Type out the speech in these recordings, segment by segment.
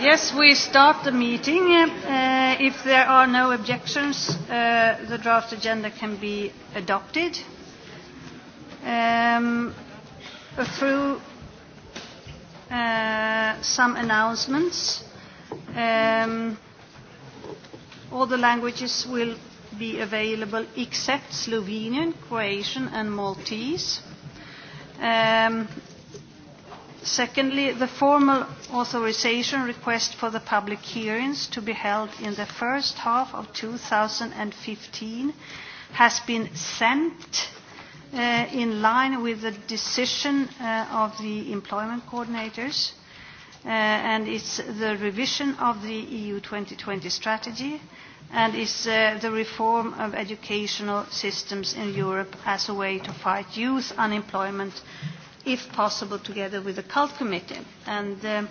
Yes, we start the meeting. Uh, if there are no objections, uh, the draft agenda can be adopted. Um, through uh, some announcements, um, all the languages will be available except Slovenian, Croatian, and Maltese. Um, Secondly, the formal authorization request for the public hearings to be held in the first half of 2015 has been sent uh, in line with the decision uh, of the employment coordinators, uh, and it's the revision of the EU 2020 strategy, and it's the reform of educational systems in Europe as a way to fight youth unemployment if possible, together with the cult committee. And uh,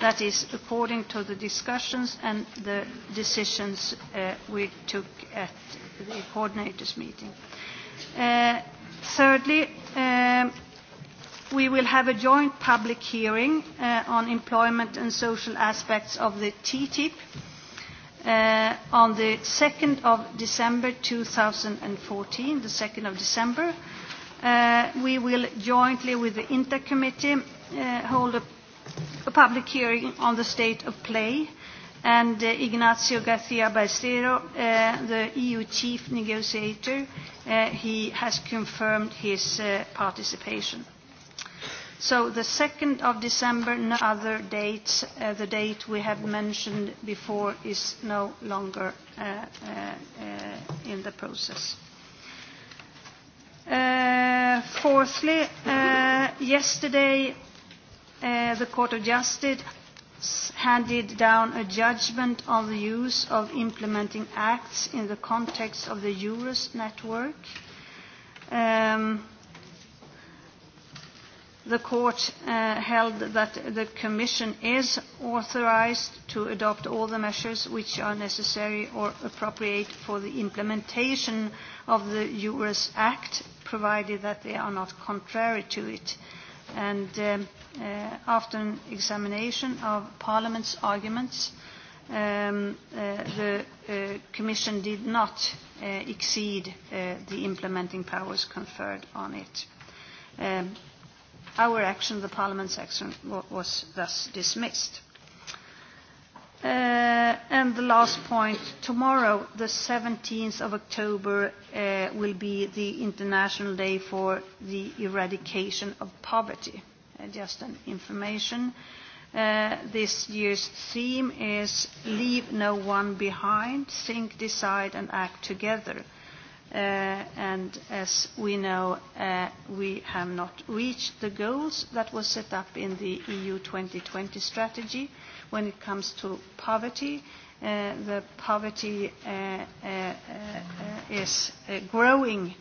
that is according to the discussions and the decisions uh, we took at the coordinators' meeting. Uh, thirdly, uh, we will have a joint public hearing uh, on employment and social aspects of the TTIP uh, on the 2nd of December 2014, the 2nd of December, Uh, we will jointly with the inter committee uh, hold a, a public hearing on the state of play and uh, ignacio garcia Bastero, uh, the eu chief negotiator uh, he has confirmed his uh, participation so the 2nd of december no other date uh, the date we have mentioned before is no longer uh, uh, uh, in the process Uh, fourthly, uh, yesterday uh, the Court of Justice handed down a judgment on the use of implementing acts in the context of the Eurus network. Um, the court uh, held that the commission is authorized to adopt all the measures which are necessary or appropriate for the implementation of the Eurus Act provided that they are not contrary to it. And um, uh, after an examination of Parliament's arguments, um, uh, the uh, Commission did not uh, exceed uh, the implementing powers conferred on it. Um, our action, the Parliament's action, was thus dismissed. Uh, and the last point, tomorrow, the 17th of October, uh, will be the International Day for the Eradication of Poverty. Uh, just an information. Uh, this year's theme is Leave No One Behind, Think, Decide, and Act Together. Uh, and as we know, uh, we have not reached the goals that were set up in the EU 2020 strategy when it comes to poverty. Uh, the poverty uh, uh, uh, is uh, growing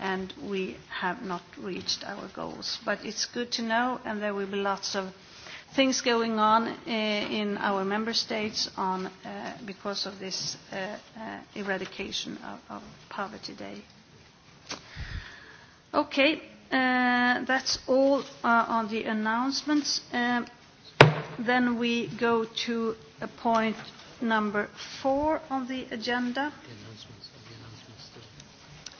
and we have not reached our goals. But it's good to know, and there will be lots of things going on uh, in our member states on, uh, because of this uh, uh, eradication of, of poverty day. Okay, uh, that's all uh, on the announcements. Uh, Then we go to point number four on the agenda.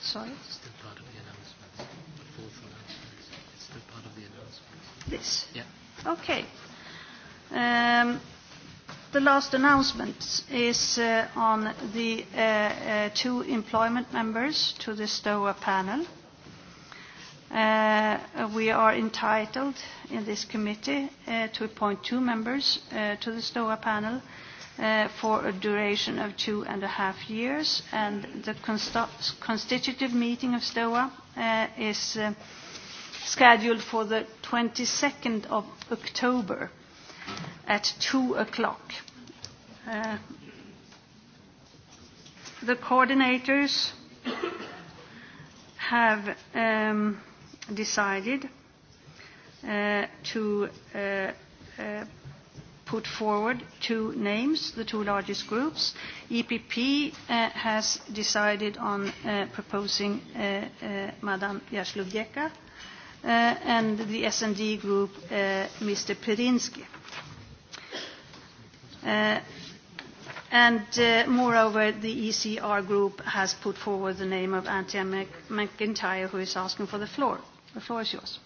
Sorry? It's still part of the announcements. The fourth announcement. It's still part of the announcements. This? Yeah. Okay. Um, the last announcement is uh, on the uh, uh, two employment members to the STOA panel. Uh, we are entitled in this committee uh, to appoint two members uh, to the STOA panel uh, for a duration of two and a half years. And the consta- constitutive meeting of STOA uh, is uh, scheduled for the 22nd of October at 2 o'clock. Uh, the coordinators have. Um, decided uh, to uh, uh, put forward two names, the two largest groups. EPP uh, has decided on uh, proposing uh, uh, Madame Jaslovjeka uh, and the SND group, uh, Mr. Perinsky. Uh, and uh, moreover, the ECR group has put forward the name of Antje McIntyre, who is asking for the floor. The floor is yours.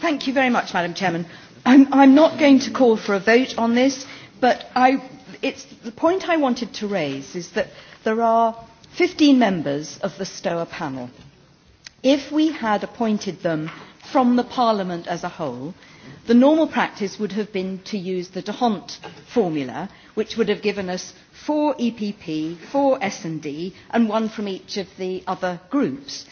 Thank you very much, Madam Chairman. I'm, I'm not going to call for a vote on this, but I, it's, the point I wanted to raise is that there are 15 members of the STOA panel. If we had appointed them from the Parliament as a whole, the normal practice would have been to use the de Hont formula, which would have given us four EPP, four S&D, and one from each of the other groups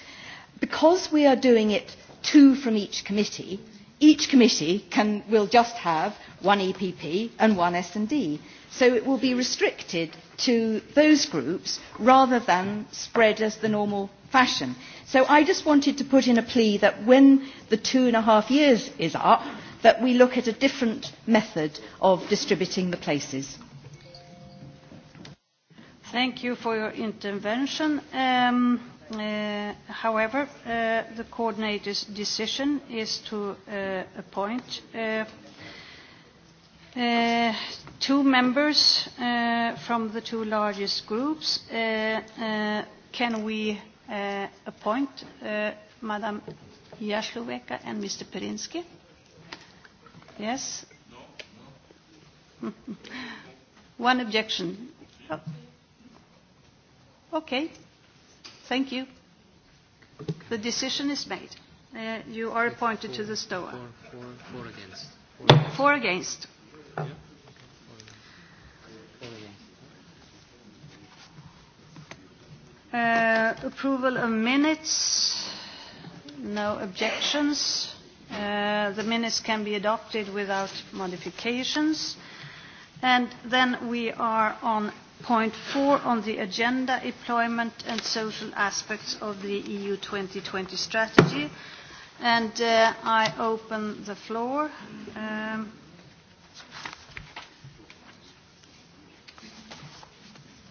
because we are doing it two from each committee, each committee can, will just have one EPP and one S&D. So it will be restricted to those groups rather than spread as the normal fashion. So I just wanted to put in a plea that when the two and a half years is up, that we look at a different method of distributing the places. Thank you for your intervention. Um, Uh, however, uh, the coordinator's decision is to uh, appoint uh, uh, two members uh, from the two largest groups. Uh, uh, can we uh, appoint uh, Madam Jasloveka and Mr. Perinsky? Yes? No. no. One objection. Oh. Okay. Thank you. The decision is made. Uh, you are appointed four, to the STOA. Four, four, four against. Four against. Four against. Uh, approval of minutes. No objections. Uh, the minutes can be adopted without modifications. And then we are on Point four on the agenda, employment and social aspects of the EU 2020 strategy. And uh, I open the floor. Um,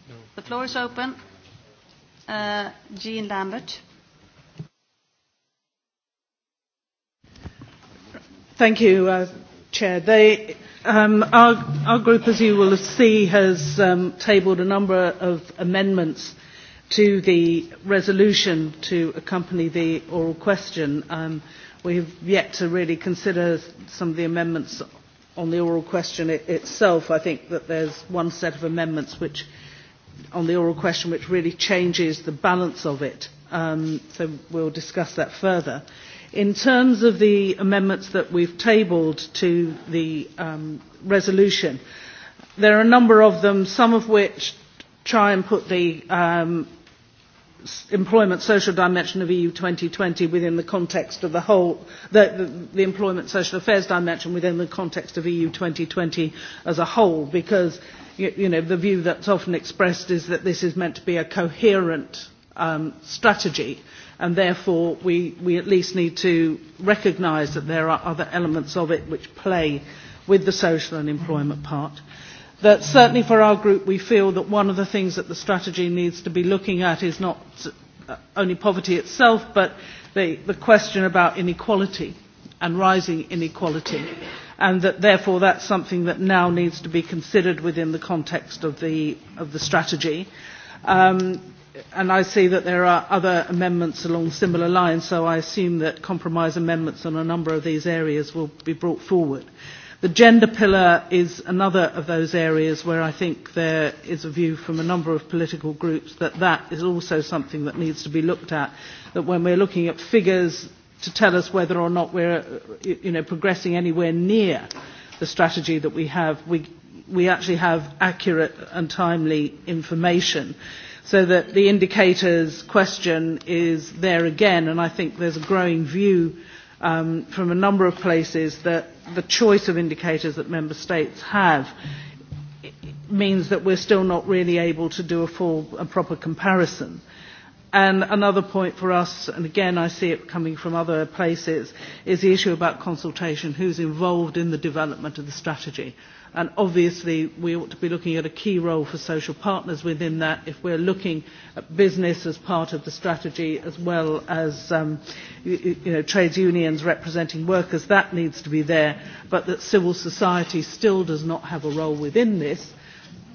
no. The floor is open. Uh, Jean Lambert. Thank you, uh, Chair. They, Um, our, our group, as you will see, has um, tabled a number of amendments to the resolution to accompany the oral question. Um, we have yet to really consider some of the amendments on the oral question it, itself. I think that there's one set of amendments which, on the oral question which really changes the balance of it. Um, so we'll discuss that further. In terms of the amendments that we've tabled to the um, resolution, there are a number of them, some of which try and put the um, employment social dimension of EU 2020 within the context of the whole, the, the, the employment social affairs dimension within the context of EU 2020 as a whole, because you, you know, the view that's often expressed is that this is meant to be a coherent um, strategy. And therefore, we, we at least need to recognise that there are other elements of it which play with the social and employment part. That certainly for our group, we feel that one of the things that the strategy needs to be looking at is not uh, only poverty itself, but the, the question about inequality and rising inequality. And that therefore, that's something that now needs to be considered within the context of the, of the strategy. Um, and I see that there are other amendments along similar lines, so I assume that compromise amendments on a number of these areas will be brought forward. The gender pillar is another of those areas where I think there is a view from a number of political groups that that is also something that needs to be looked at, that when we're looking at figures to tell us whether or not we're you know, progressing anywhere near the strategy that we have, we, we actually have accurate and timely information. Uh, so that the indicators question is there again. And I think there's a growing view um, from a number of places that the choice of indicators that member states have means that we're still not really able to do a full and proper comparison. And another point for us, and again I see it coming from other places, is the issue about consultation, who's involved in the development of the strategy. And obviously, we ought to be looking at a key role for social partners within that if we're looking at business as part of the strategy, as well as um, you, you know, trades unions representing workers. That needs to be there. But that civil society still does not have a role within this.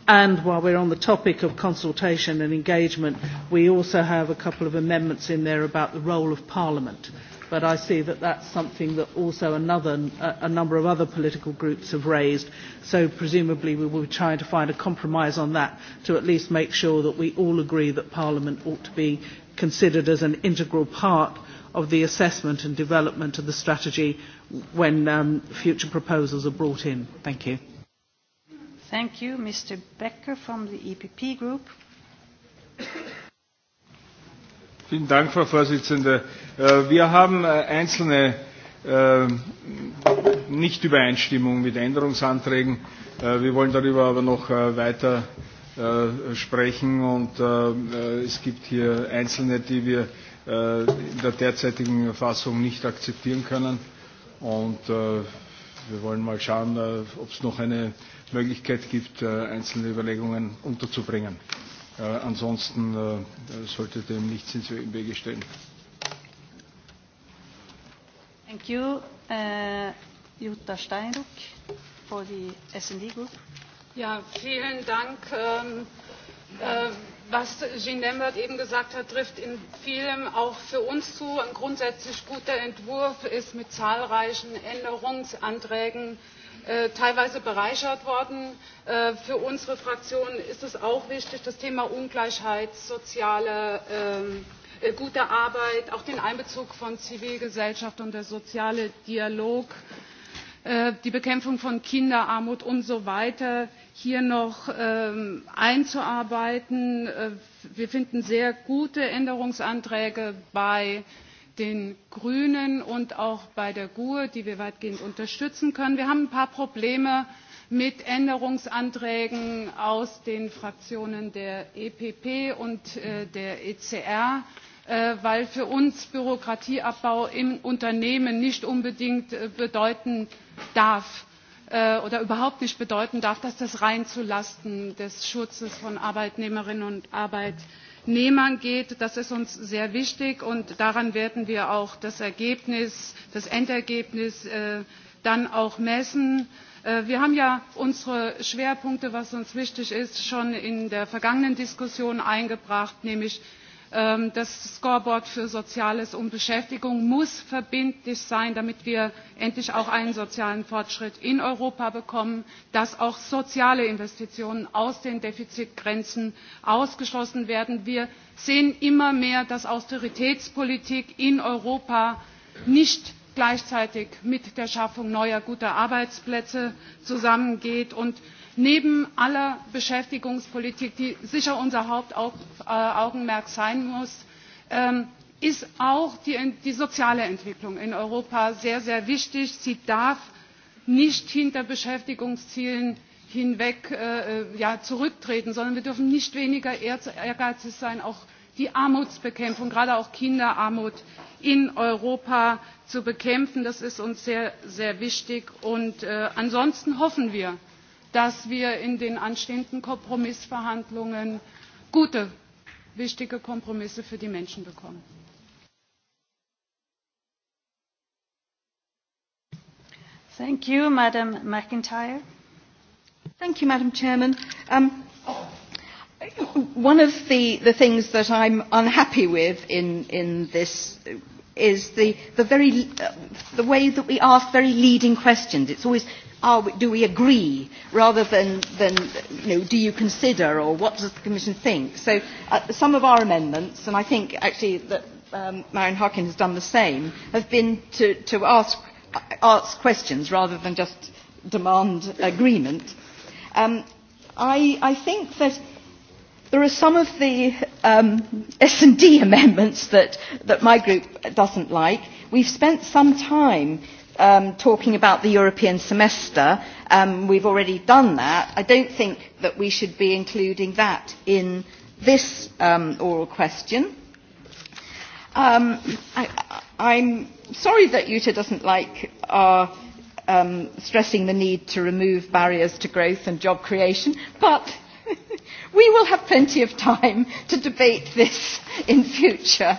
And while we're on the topic of consultation and engagement, we also have a couple of amendments in there about the role of Parliament but I see that that's something that also another, a number of other political groups have raised. So presumably we will be trying to find a compromise on that to at least make sure that we all agree that Parliament ought to be considered as an integral part of the assessment and development of the strategy when um, future proposals are brought in. Thank you. Thank you. Mr. Becker from the EPP Group. Vielen Dank, Frau Vorsitzende. Äh, wir haben äh, einzelne äh, Nichtübereinstimmung mit Änderungsanträgen. Wir wollen darüber aber noch weiter sprechen und es gibt hier einzelne, die wir in der derzeitigen Fassung nicht akzeptieren können. Und wir wollen mal schauen, ob es noch eine Möglichkeit gibt, einzelne Überlegungen unterzubringen. Äh, ansonsten äh, sollte dem nichts ins Wege stehen. Thank you, äh, Jutta Steinruck for the S&D Group. Ja, vielen Dank. Ähm, äh, was Jean Lambert eben gesagt hat, trifft in vielem auch für uns zu. Ein grundsätzlich guter Entwurf ist mit zahlreichen Änderungsanträgen äh, äh, teilweise bereichert worden. Äh, für unsere Fraktion ist es auch wichtig, das Thema Ungleichheit, soziale ähm, äh, gute Arbeit, auch den Einbezug von Zivilgesellschaft und der soziale Dialog, äh, die Bekämpfung von Kinderarmut und so weiter hier noch äh, einzuarbeiten. Äh, wir finden sehr gute Änderungsanträge bei äh, den Grünen und auch bei der GUE, die wir weitgehend unterstützen können. Wir haben ein paar Probleme mit Änderungsanträgen aus den Fraktionen der EPP und äh, der ECR, äh, weil für uns Bürokratieabbau im Unternehmen nicht unbedingt äh, bedeuten darf äh, oder überhaupt nicht bedeuten darf, dass das rein zulasten des Schutzes von Arbeitnehmerinnen und Arbeitnehmern Nehmern geht. Das ist uns sehr wichtig und daran werden wir auch das Ergebnis, das Endergebnis äh, dann auch messen. Äh, wir haben ja unsere Schwerpunkte, was uns wichtig ist, schon in der vergangenen Diskussion eingebracht, nämlich Ähm, das Scoreboard für Soziales und um Beschäftigung muss verbindlich sein, damit wir endlich auch einen sozialen Fortschritt in Europa bekommen, dass auch soziale Investitionen aus den Defizitgrenzen ausgeschlossen werden. Wir sehen immer mehr, dass Austeritätspolitik in Europa nicht gleichzeitig mit der Schaffung neuer guter Arbeitsplätze zusammengeht. Und neben aller beschäftigungspolitik die sicher unser hauptaugenmerk äh, sein muss ähm, ist auch die soziale entwicklung in europa sehr sehr wichtig. sie darf nicht hinter beschäftigungszielen hinweg äh, äh, ja, zurücktreten sondern wir dürfen nicht weniger ehrgeizig sein auch die armutsbekämpfung gerade auch kinderarmut in europa zu bekämpfen. das ist uns sehr sehr wichtig. ansonsten hoffen dass wir in den anstehenden Kompromissverhandlungen gute, wichtige Kompromisse für die Menschen bekommen. Thank you, Madam McIntyre. Thank you, Madam Chairman. Um, one of the, the things that I'm unhappy with in, in this is the, the, very, uh, the way that we ask very leading questions. It's always do we agree rather than, than you know, do you consider or what does the Commission think? So uh, some of our amendments, and I think actually that um, Marion Harkin has done the same, have been to, to ask, uh, ask questions rather than just demand agreement. Um, I, I think that there are some of the um, S&D amendments that, that my group doesn't like. We've spent some time um, talking about the European semester, um, we've already done that. I don't think that we should be including that in this um, oral question. Um, I, I'm sorry that UTA doesn't like our um, stressing the need to remove barriers to growth and job creation, but we will have plenty of time to debate this in future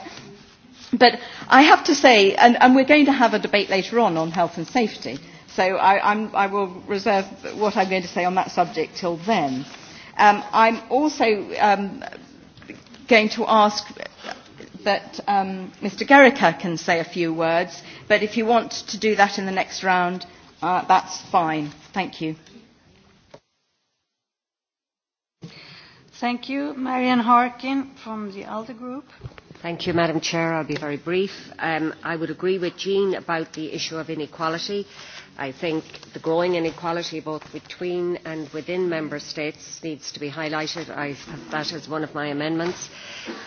but i have to say and we are going to have a debate later on on health and safety so i will reserve what i am going to say on that subject until then i am um, also um, going to ask that mr um, gericke can say a few words but if you want to do that in the next round uh, that is fine. thank you. thank you marian harkin from the alde group madam president i will be very brief. Um, i would agree with jean about the issue of inequality. i think the growing inequality both between and within member states needs to be highlighted. i have that as one of my amendments.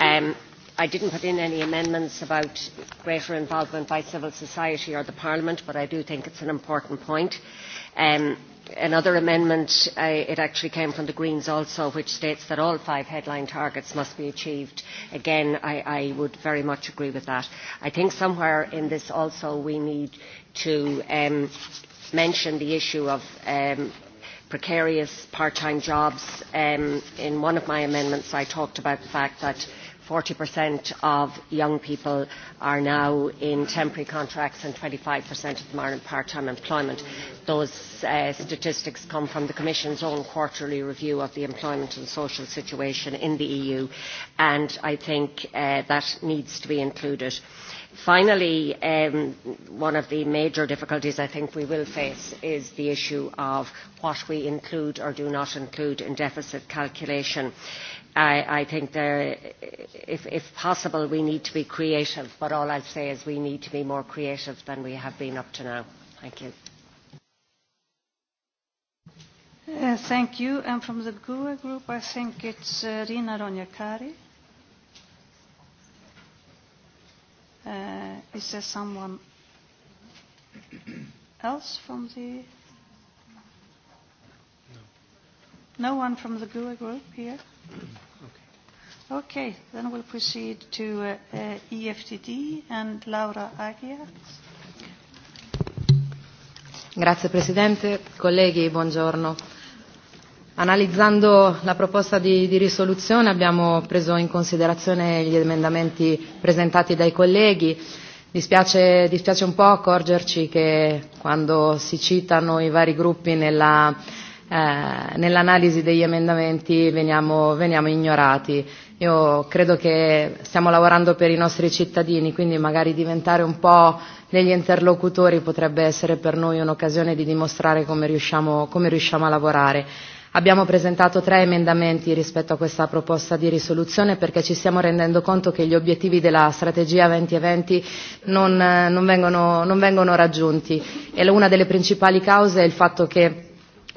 Um, i did not put in any amendments about greater involvement by civil society or parliament but i do think it is an important point. Um, another amendment it actually came from the greens also which states that all five headline targets must be achieved again i, I would very much agree with that i think somewhere in this also we need to um, mention the issue of um, precarious part-time jobs um, in one of my amendments i talked about the fact that 40% of young people are now in temporary contracts and 25% of them are in part-time employment. Those uh, statistics come from the Commission's own quarterly review of the employment and social situation in the EU and I think uh, that needs to be included. Finally, um, one of the major difficulties I think we will face is the issue of what we include or do not include in deficit calculation. Uh, i think if possible we need to be creative but all i'll say is we need to be more creative than we have been up to now thank you uh, thank you and from the GUA e group i think it's uh, rina ronyakari uh, is there someone else from the no one from the GUA e group here? Okay, then we'll proceed to uh, uh, EFTD and Laura Agia. Grazie Presidente, colleghi, buongiorno. Analizzando la proposta di, di risoluzione abbiamo preso in considerazione gli emendamenti presentati dai colleghi. Dispiace, dispiace un po' accorgerci che quando si citano i vari gruppi nella, eh, nell'analisi degli emendamenti veniamo, veniamo ignorati. Eh, Io credo che stiamo lavorando per i nostri cittadini, quindi magari diventare un po' degli interlocutori potrebbe essere per noi un'occasione di dimostrare come riusciamo, come riusciamo a lavorare. Abbiamo presentato tre emendamenti rispetto a questa proposta di risoluzione perché ci stiamo rendendo conto che gli obiettivi della strategia 2020 non, non, vengono, non vengono raggiunti e una delle principali cause è il fatto che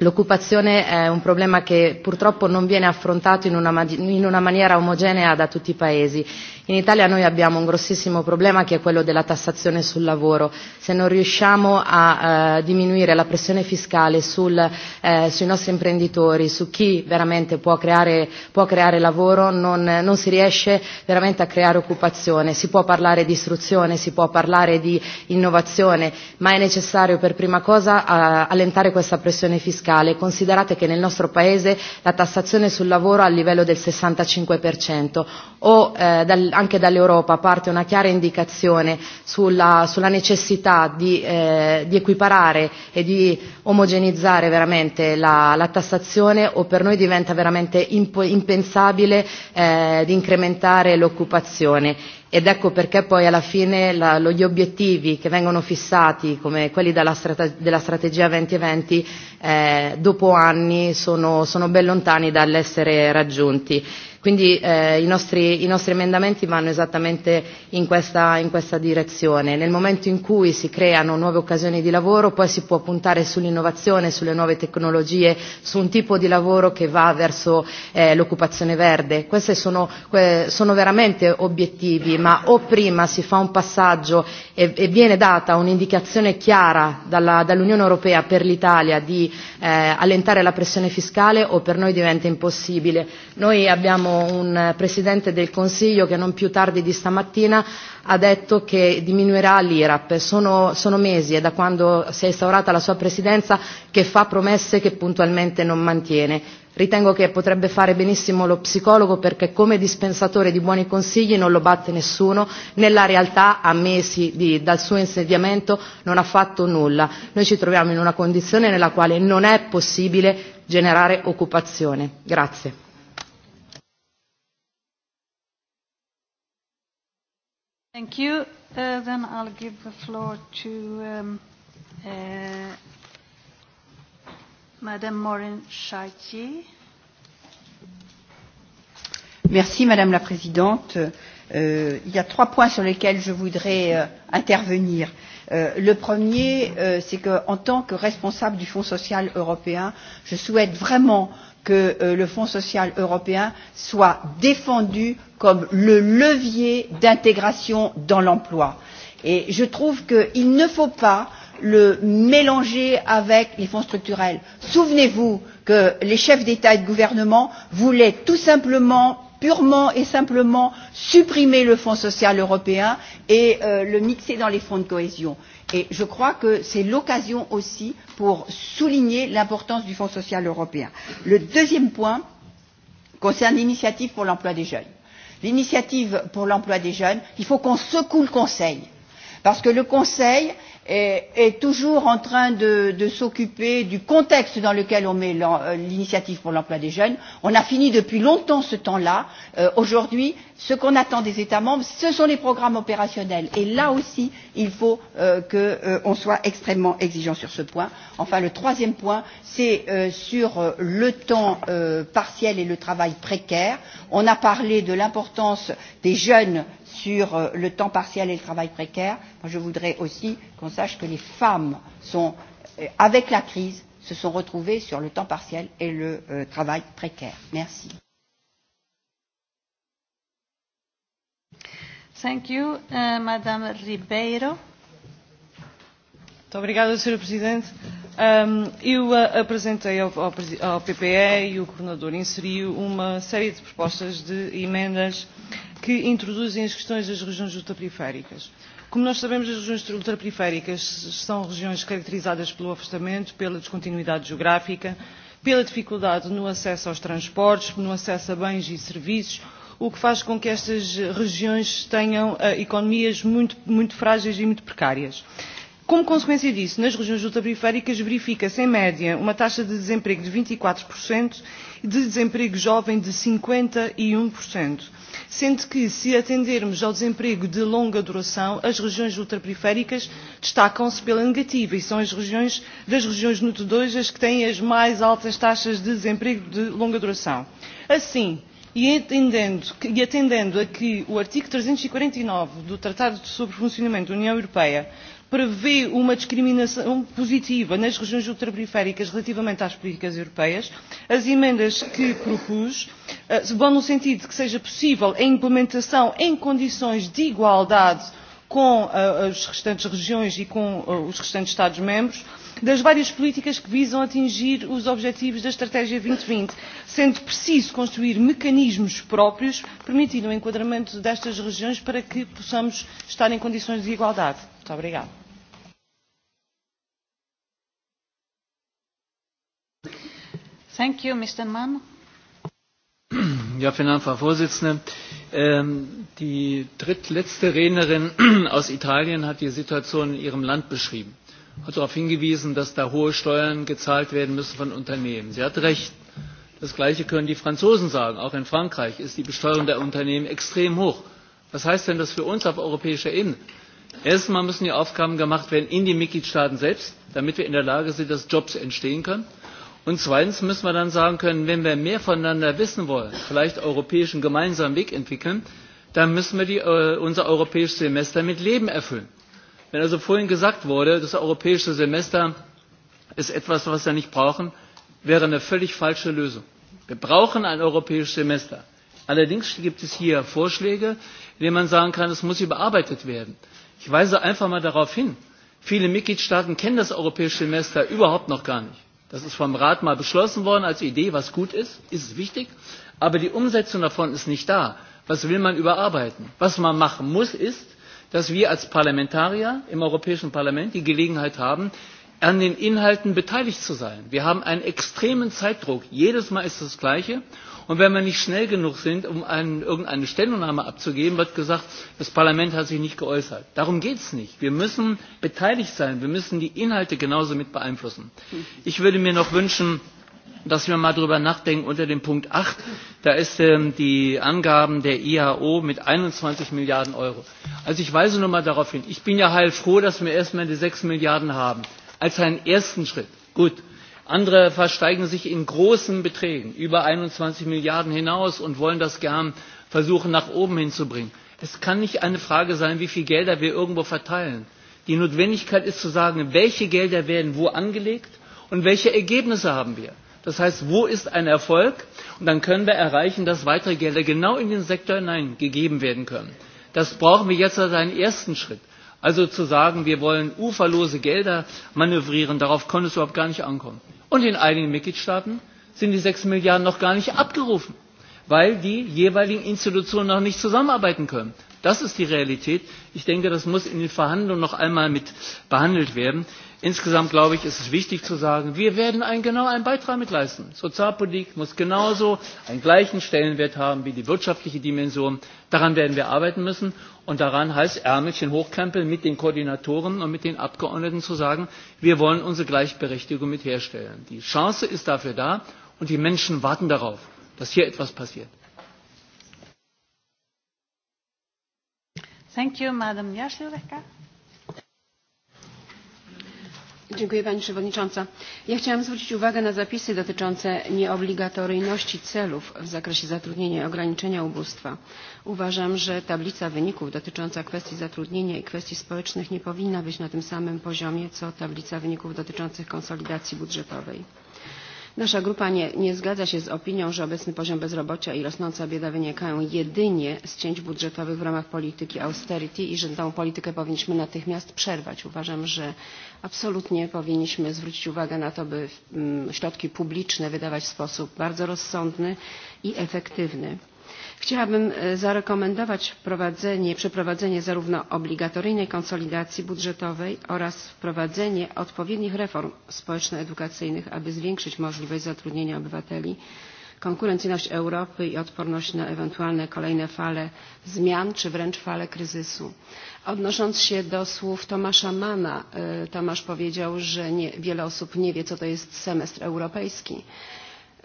L'occupazione è un problema che purtroppo non viene affrontato in una, in una maniera omogenea da tutti i paesi. In Italia noi abbiamo un grossissimo problema che è quello della tassazione sul lavoro. Se non riusciamo a eh, diminuire la pressione fiscale sul, eh, sui nostri imprenditori, su chi veramente può creare, può creare lavoro, non, non si riesce veramente a creare occupazione. Si può parlare di istruzione, si può parlare di innovazione, ma è necessario per prima cosa eh, allentare questa pressione fiscale. Considerate che nel nostro Paese la tassazione sul lavoro è a livello del 65%. O, eh, dal, anche dall'Europa parte una chiara indicazione sulla, sulla necessità di, eh, di equiparare e di omogenizzare veramente la, la tassazione o per noi diventa veramente imp- impensabile eh, di incrementare l'occupazione. Ed ecco perché poi alla fine la, lo, gli obiettivi che vengono fissati come quelli dalla strate, della strategia 2020 eh, dopo anni sono, sono ben lontani dall'essere raggiunti quindi eh, i, nostri, i nostri emendamenti vanno esattamente in questa, in questa direzione. Nel momento in cui si creano nuove occasioni di lavoro, poi si può puntare sull'innovazione, sulle nuove tecnologie, su un tipo di lavoro che va verso eh, l'occupazione verde. Questi sono, sono veramente obiettivi, ma o prima si fa un passaggio e, e viene data un'indicazione chiara dalla, dall'Unione Europea per l'Italia di eh, allentare la pressione fiscale o per noi diventa impossibile. Noi abbiamo abbiamo un Presidente del Consiglio che non più tardi di stamattina ha detto che diminuirà l'IRAP. Sono, sono mesi e da quando si è instaurata la sua Presidenza che fa promesse che puntualmente non mantiene. Ritengo che potrebbe fare benissimo lo psicologo perché come dispensatore di buoni consigli non lo batte nessuno. Nella realtà a mesi di, dal suo insediamento non ha fatto nulla. Noi ci troviamo in una condizione nella quale non è possibile generare occupazione. Grazie. Thank you. Uh, then I'll give the floor to um, uh, Madame Morin Chaitier. Merci, Madame la Présidente. Euh, il y a trois points sur lesquels je voudrais euh, intervenir. Euh, le premier, euh, c'est qu'en tant que responsable du Fonds social européen, je souhaite vraiment que euh, le Fonds social européen soit défendu comme le levier d'intégration dans l'emploi. je trouve qu'il ne faut pas le mélanger avec les fonds structurels. souvenez vous que les chefs d'état et de gouvernement voulaient tout simplement purement et simplement supprimer le fonds social européen et euh, le mixer dans les fonds de cohésion. Et je crois que c'est l'occasion aussi pour souligner l'importance du fonds social européen. le deuxième point concerne l'initiative pour l'emploi des jeunes l'initiative pour l'emploi des jeunes, il faut qu'on secoue le Conseil. Parce que le Conseil est, est toujours en train de, de s'occuper du contexte dans lequel on met euh, l'initiative pour l'emploi des jeunes. On a fini depuis longtemps ce temps-là. Euh, Aujourd'hui, ce qu'on attend des états membres ce sont les programmes opérationnels et là aussi il faut euh, qu'on euh, soit extrêmement exigeant sur ce point. enfin le troisième point c'est euh, sur le temps partiel et le travail précaire. on a parlé de l'importance des jeunes sur le temps partiel et le travail précaire. je voudrais aussi qu'on sache que les femmes avec la crise se sont retrouvées sur le temps partiel et le travail précaire. merci. Thank you, uh, Madame Ribeiro. Muito obrigada, Sr. Presidente. Um, eu uh, apresentei ao, ao, ao PPE e o coordenador inseriu uma série de propostas de emendas que introduzem as questões das regiões ultraperiféricas. Como nós sabemos, as regiões ultraperiféricas são regiões caracterizadas pelo afastamento, pela descontinuidade geográfica, pela dificuldade no acesso aos transportes, no acesso a bens e serviços, o que faz com que estas regiões tenham uh, economias muito, muito frágeis e muito precárias. Como consequência disso, nas regiões ultraperiféricas verifica-se, em média, uma taxa de desemprego de 24% e, e de desemprego jovem de 51%. E um sendo que, se atendermos ao desemprego de longa duração, as regiões ultraperiféricas destacam-se pela negativa e são as regiões das regiões NUTO e 2 as que têm as mais altas taxas de desemprego de longa duração. Assim, E, e atendendo a que o artigo trezentos e quarenta e nove do tratado sobre o funcionamento da união europeia prevê uma discriminação positiva nas regiões ultraperiféricas relativamente às políticas europeias as emendas que propus eh, vão no sentido de que seja possível a implementação em condições de igualdade com eh, as restantes regiões e com eh, os restantes Estados membros das várias políticas que visam atingir os objetivos da Estratégia 2020, e sendo preciso construir mecanismos próprios permitindo o enquadramento destas regiões para que possamos estar em condições de igualdade. Muito obrigado. Thank you, Mr. Mann. Ja, frau präsidentin! Ähm, die drittletzte rednerin aus italien hat die situation in ihrem land beschrieben hat darauf hingewiesen dass da hohe steuern gezahlt werden müssen von unternehmen. sie hat recht. das gleiche können die franzosen sagen auch in frankreich ist die besteuerung der unternehmen extrem hoch. was heißt denn das für uns auf europäischer ebene? erstmal müssen die aufgaben gemacht werden in den mitgliedstaaten selbst damit wir in der lage sind dass jobs entstehen können und zweitens müssen wir dann sagen können wenn wir mehr voneinander wissen wollen vielleicht einen europäischen gemeinsamen weg entwickeln dann müssen wir äh, unser europäisches semester mit leben erfüllen. wenn also vorhin gesagt wurde das europäische semester ist etwas was wir nicht brauchen wäre eine völlig falsche lösung. wir brauchen ein europäisches semester. allerdings gibt es hier vorschläge in denen man sagen kann es muss überarbeitet werden. ich weise einfach mal darauf hin viele mitgliedstaaten kennen das europäische semester überhaupt noch gar nicht das ist vom rat mal beschlossen worden als idee was gut ist ist wichtig aber die umsetzung davon ist nicht da. was will man überarbeiten? was man machen muss ist dass wir als parlamentarier im europäischen parlament die gelegenheit haben an den inhalten beteiligt zu sein. wir haben einen extremen zeitdruck jedes mal ist es das gleiche und wenn wir nicht schnell genug sind um irgendeine stellungnahme abzugeben wird gesagt das parlament hat sich nicht geäußert. darum geht es nicht. wir müssen beteiligt sein wir müssen die inhalte genauso mit beeinflussen. ich würde mir noch wünschen dass wir mal darüber nachdenken unter dem punkt acht da sind ähm, die angaben der iao mit einundzwanzig milliarden euro. also ich weise nur mal darauf hin ich bin ja heilfroh dass wir erst mal die sechs milliarden haben als einen ersten schritt. gut andere versteigen sich in großen beträgen über einundzwanzig milliarden hinaus und wollen das gern versuchen nach oben hin zu bringen. es kann nicht eine frage sein wie viele gelder wir irgendwo verteilen. die notwendigkeit ist zu sagen welche gelder werden wo angelegt und welche ergebnisse haben wir? das heißt wo ist ein erfolg? und dann können wir erreichen dass weitere gelder genau in den sektor hineingegeben werden können. das brauchen wir jetzt als einen ersten schritt. also zu sagen wir wollen uferlose gelder manövrieren darauf konnte es überhaupt gar nicht ankommen und in einigen mitgliedstaaten sind die sechs milliarden noch gar nicht abgerufen weil die jeweiligen institutionen noch nicht zusammenarbeiten können. das ist die realität. ich denke das muss in den verhandlungen noch einmal mit behandelt werden insgesamt glaube ich ist es wichtig zu sagen wir werden genau einen beitrag leisten. sozialpolitik muss genauso einen gleichen stellenwert haben wie die wirtschaftliche dimension. daran werden wir arbeiten müssen und daran heißt ärmelchen hochkrempeln mit den koordinatoren und mit den abgeordneten zu sagen wir wollen unsere gleichberechtigung mit herstellen. die chance ist dafür da und die menschen warten darauf dass hier etwas passiert. Thank you, Madam Jaslovska pani przewodnicząca! ja chciałam zwrócić uwagę na zapisy dotyczące nieobligatoryjności celów w zakresie zatrudnienia i ograniczenia ubóstwa. uważam że tablica wyników dotycząca kwestii zatrudnienia i kwestii społecznych nie powinna być na tym samym poziomie co tablica wyników dotycząca konsolidacji budżetowej nasza grupa nie zgadza się z opinią że obecny poziom bezrobocia i rosnąca bieda wynikają jedynie z cięć budżetowych w ramach polityki austerity i że tę politykę powinniśmy natychmiast przerwać. uważam że absolutnie powinniśmy zwrócić uwagę na to by mm, środki publiczne wydawać w sposób bardzo rozsądny i efektywny chciałabym e, zarekomendować przeprowadzenie zarówno obligatoryjnej konsolidacji budżetowej oraz wprowadzenie odpowiednich reform społeczno edukacyjnych aby zwiększyć możliwość zatrudnienia obywateli konkurencyjność europy i odporność na ewentualne kolejne fale zmian czy wręcz fale kryzysu. odnosząc się do słów thomasa manna e, tomasz powiedział że wiele osób nie wie co to jest semestr europejski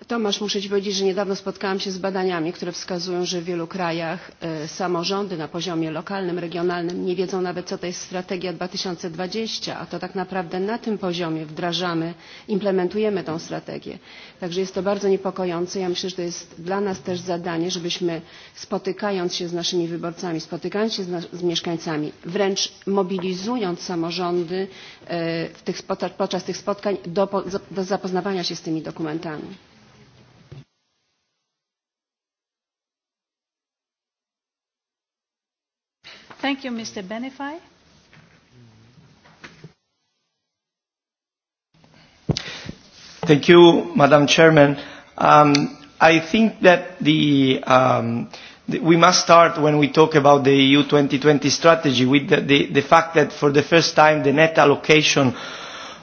tomasz muszę ci powiedzieć że niedawno spotkałam się z badaniami które wskazują że w wielu krajach e, samorządy na poziomie lokalnym regionalnym nie wiedzą nawet co to jest strategia dwa tysiące dwadzieścia a to tak naprawdę na tym poziomie wdrażamy implementujemy tę strategię także jest to bardzo niepokojące. ja myślę że to jest dla nas też zadanie żebyśmy spotykając się z naszymi wyborcami spotykając się z mieszkańcami wręcz mobilizując samorządy e, w tych podczas tych spotkań do zapoznawania się z tymi dokumentami. Thank you, Mr. Benify. Thank you, Madam Chairman. Um, I think that the, um, the, we must start when we talk about the EU 2020 strategy with the, the, the fact that for the first time the net allocation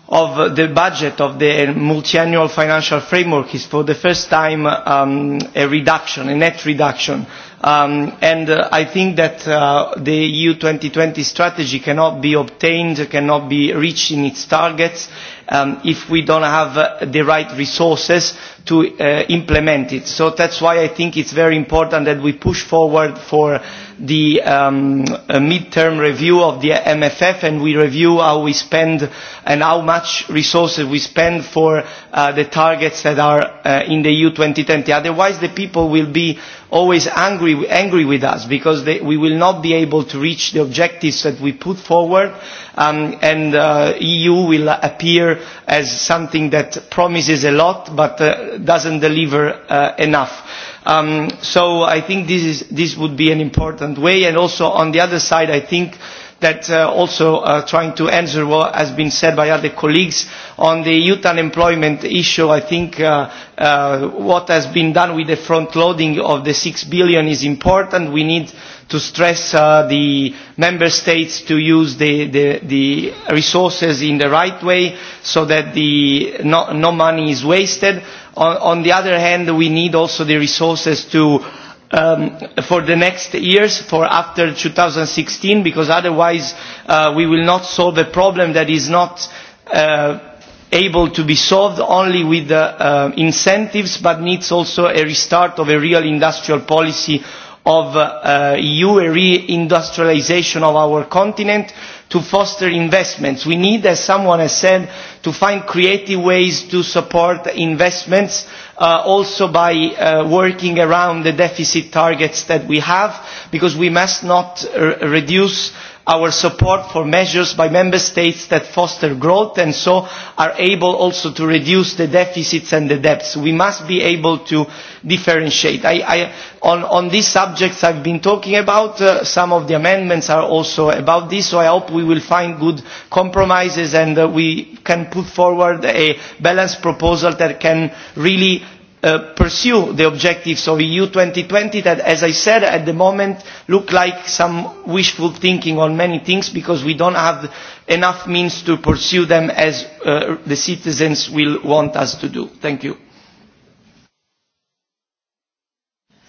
of the budget of the multiannual financial framework is for the first time um, a reduction, a net reduction um, and uh, I think that uh, the EU 2020 strategy cannot be obtained, cannot be reached in its targets um, if we don't have uh, the right resources to uh, implement it. So that's why I think it's very important that we push forward for the um, mid-term review of the MFF and we review how we spend and how much resources we spend for uh, the targets that are uh, in the EU 2020. Otherwise the people will be always angry angry, angry with us because they, we will not be able to reach the objectives that we put forward um, and uh, EU will appear as something that promises a lot but uh, doesn't deliver uh, enough. Um, so I think this, is, this would be an important way and also on the other side I think uh, that uh, also uh, trying to answer what has been said by other colleagues on the youth unemployment issue. I think uh, uh, what has been done with the front loading of the 6 billion is important. We need to stress uh, the member states to use the, the, the resources in the right way so that the, no, no money is wasted. On, on the other hand, we need also the resources to uh, Um, for the next years after two thousand and sixteen because otherwise uh, we will not solve a problem that is not uh, able to be solved only with uh, incentives but needs also a restart of a real industrial policy of the eu a re industrialisation of our continent to foster investments. we need as someone has said to find creative ways to support investments Uh, also by uh, working around the deficit targets that we have because we must not reduce our support for measures by member states that foster growth and so are able also to reduce the deficits and the debts. we must be able to differentiate. I, I, on, on these subjects i've been talking about uh, some of the amendments are also about this so i hope we will find good compromises and uh, we can put forward a balanced proposal that can really Uh, pursue the objectives of EU 2020 that, as I said at the moment, look like some wishful thinking on many things because we don't have enough means to pursue them as uh, the citizens will want us to do. Thank you.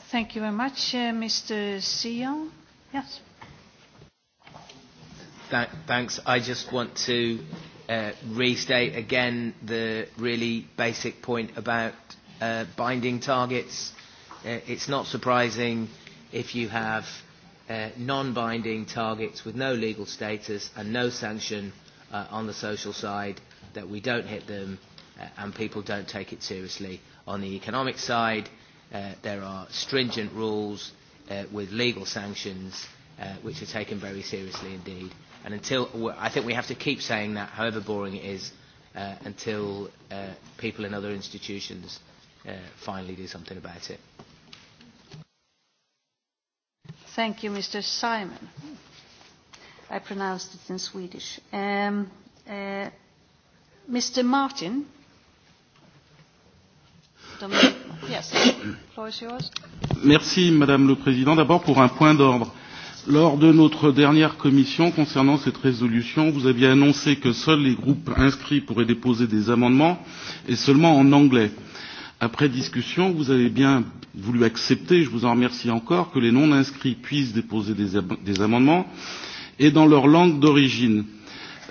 Thank you very much, uh, Mr. Sion. Yes. Th thanks. I just want to uh, restate again the really basic point about uh, binding targets. Uh, it's not surprising if you have uh, non-binding targets with no legal status and no sanction uh, on the social side that we don't hit them uh, and people don't take it seriously. On the economic side, uh, there are stringent rules uh, with legal sanctions uh, which are taken very seriously indeed. And until I think we have to keep saying that, however boring it is, uh, until uh, people in other institutions uh, uh, finally do something about it. Thank you, Mr. Simon. I pronounced it in Swedish. Um, uh, Mr. Martin. Merci Madame le Président. D'abord pour un point d'ordre. Lors de notre dernière commission concernant cette résolution, vous aviez annoncé que seuls les groupes inscrits pourraient déposer des amendements et seulement en anglais. Euh, après discussion, vous avez bien voulu accepter, je vous en remercie encore, que les non-inscrits puissent déposer des, am des amendements et dans leur langue d'origine.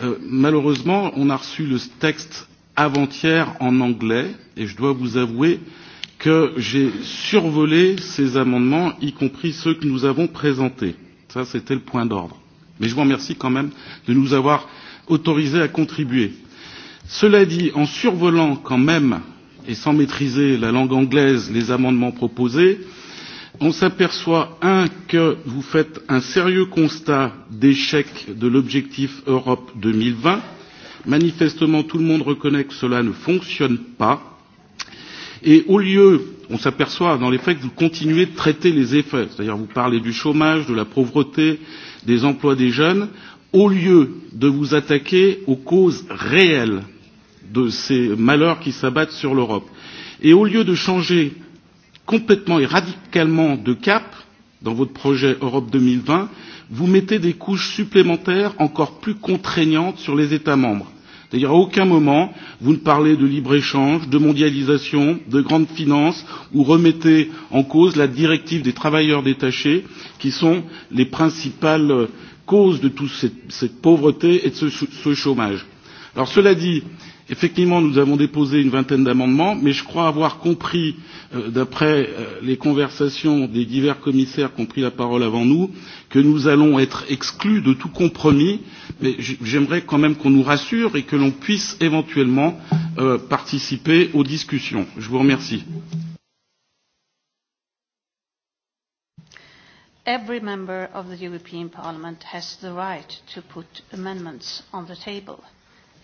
Euh, malheureusement, on a reçu le texte avant-hier en anglais et je dois vous avouer que j'ai survolé ces amendements, y compris ceux que nous avons présentés. Ça, c'était le point d'ordre. Mais je vous remercie quand même de nous avoir autorisés à contribuer. Cela dit, en survolant quand même euh, et sans maîtriser la langue anglaise les amendements proposés, on s'aperçoit un que vous faites un sérieux constat d'échec de l'objectif Europe 2020. Manifestement, tout le monde reconnaît que cela ne fonctionne pas. Et au lieu, on s'aperçoit dans les faits que vous continuez de traiter les effets, c'est-à-dire vous parlez du chômage, de la pauvreté, des emplois des jeunes, au lieu de vous attaquer aux causes réelles de ces malheurs qui s'abattent sur l'Europe. Et au lieu de changer complètement et radicalement de cap dans votre projet Europe 2020, vous mettez des couches supplémentaires encore plus contraignantes sur les États membres. D'ailleurs, à aucun moment, vous ne parlez de libre-échange, de mondialisation, de grande finance, ou remettez en cause la directive des travailleurs détachés, qui sont les principales causes de toute cette, cette pauvreté et de ce, ce chômage. Alors, cela dit, euh, Effectivement, nous avons déposé une vingtaine d'amendements, mais je crois avoir compris, euh, d'après euh, les conversations des divers commissaires qui ont pris la parole avant nous, que nous allons être exclus de tout compromis. Mais j'aimerais quand même qu'on nous rassure et que l'on puisse éventuellement euh, participer aux discussions. Je vous remercie. Every member of the European Parliament has the right to put amendments on the table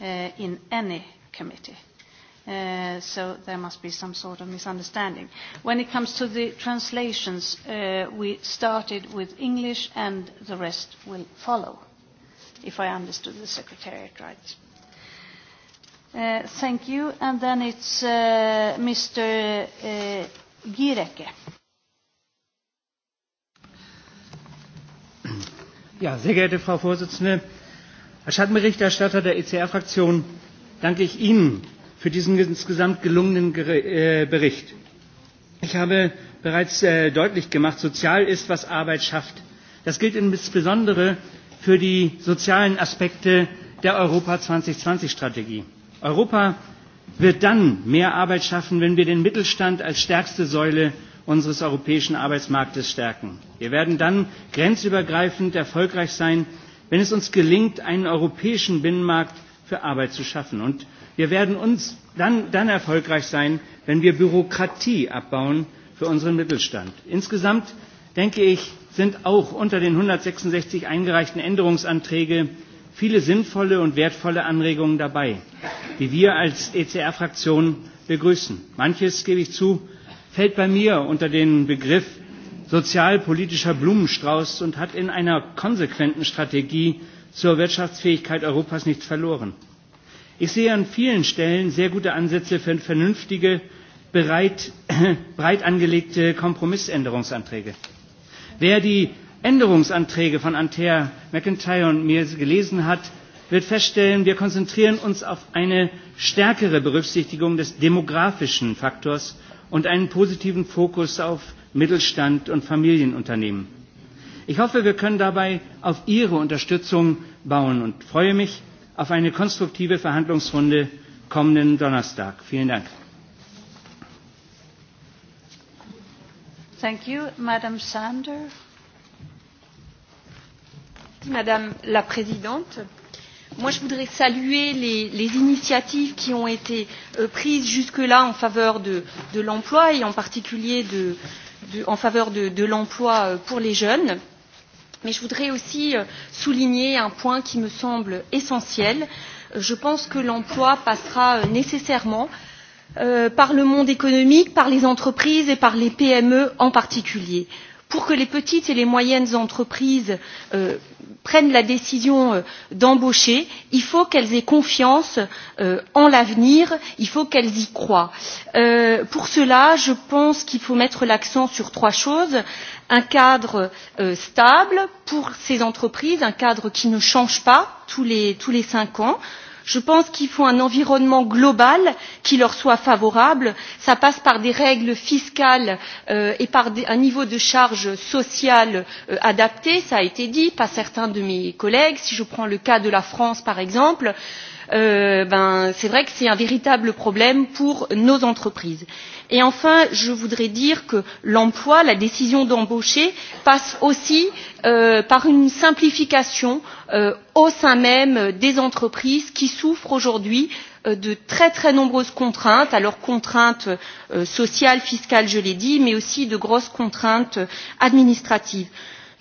uh, in any committee. Uh, so there must be some sort of misunderstanding. When it comes to the translations, uh, we started with English and the rest will follow, if I understood the Secretariat right. Uh, thank you. And then it's uh, Mr. Uh, Gireke. Ja, sehr geehrte Frau Vorsitzende, als Schattenberichterstatter der ECR-Fraktion danke ich ihnen für diesen insgesamt gelungenen äh, bericht. ich habe bereits äh, deutlich gemacht sozial ist was arbeit schafft. das gilt insbesondere für die sozialen aspekte der europa zweitausendzwanzig strategie. europa wird dann mehr arbeit schaffen wenn wir den mittelstand als stärkste säule unseres europäischen arbeitsmarktes stärken. wir werden dann grenzübergreifend erfolgreich sein wenn es uns gelingt einen europäischen binnenmarkt für Arbeit zu schaffen. Und wir werden uns dann, dann erfolgreich sein, wenn wir Bürokratie abbauen für unseren Mittelstand. Insgesamt, denke ich, sind auch unter den 166 eingereichten Änderungsanträgen viele sinnvolle und wertvolle Anregungen dabei, die wir als ECR-Fraktion begrüßen. Manches, gebe ich zu, fällt bei mir unter den Begriff sozialpolitischer Blumenstrauß und hat in einer konsequenten Strategie zur Wirtschaftsfähigkeit Europas nichts verloren. Ich sehe an vielen Stellen sehr gute Ansätze für vernünftige, bereit, breit angelegte Kompromissänderungsanträge. Wer die Änderungsanträge von Antea McIntyre und mir gelesen hat, wird feststellen, wir konzentrieren uns auf eine stärkere Berücksichtigung des demografischen Faktors und einen positiven Fokus auf Mittelstand und Familienunternehmen. Ich hoffe, wir können dabei auf Ihre Unterstützung bauen und freue mich auf eine konstruktive Verhandlungsrunde kommenden Donnerstag. Vielen Dank. Thank you, Madam Sander. Madame la Présidente, moi je voudrais saluer les, les initiatives qui ont été euh, prises jusque-là en faveur de, de l'emploi et en particulier de, de, en faveur de, de l'emploi euh, pour les jeunes mais je voudrais aussi euh, souligner un point qui me semble essentiel je pense que l'emploi passera euh, nécessairement euh, par le monde économique par les entreprises et par les pme en particulier pour que les petites et les moyennes entreprises euh, prennent la décision euh, d'embaucher, il faut qu'elles aient confiance euh, en l'avenir, il faut qu'elles y croient. Euh, pour cela, je pense qu'il faut mettre l'accent sur trois choses un cadre euh, stable pour ces entreprises, un cadre qui ne change pas tous les, tous les cinq ans, je pense qu'il faut un environnement global qui leur soit favorable cela passe par des règles fiscales euh, et par un niveau de charges sociales euh, adapté cela a été dit par certains de mes collègues si je prends le cas de la france par exemple. Euh, c'est vrai que c'est un véritable problème pour nos entreprises. enfin je voudrais dire que l'emploi la décision d'embaucher passe aussi euh, par une simplification euh, au sein même des entreprises qui souffrent aujourd'hui de très très nombreuses contraintes alors contraintes sociales fiscales je l'ai dit mais aussi de grosses contraintes administratives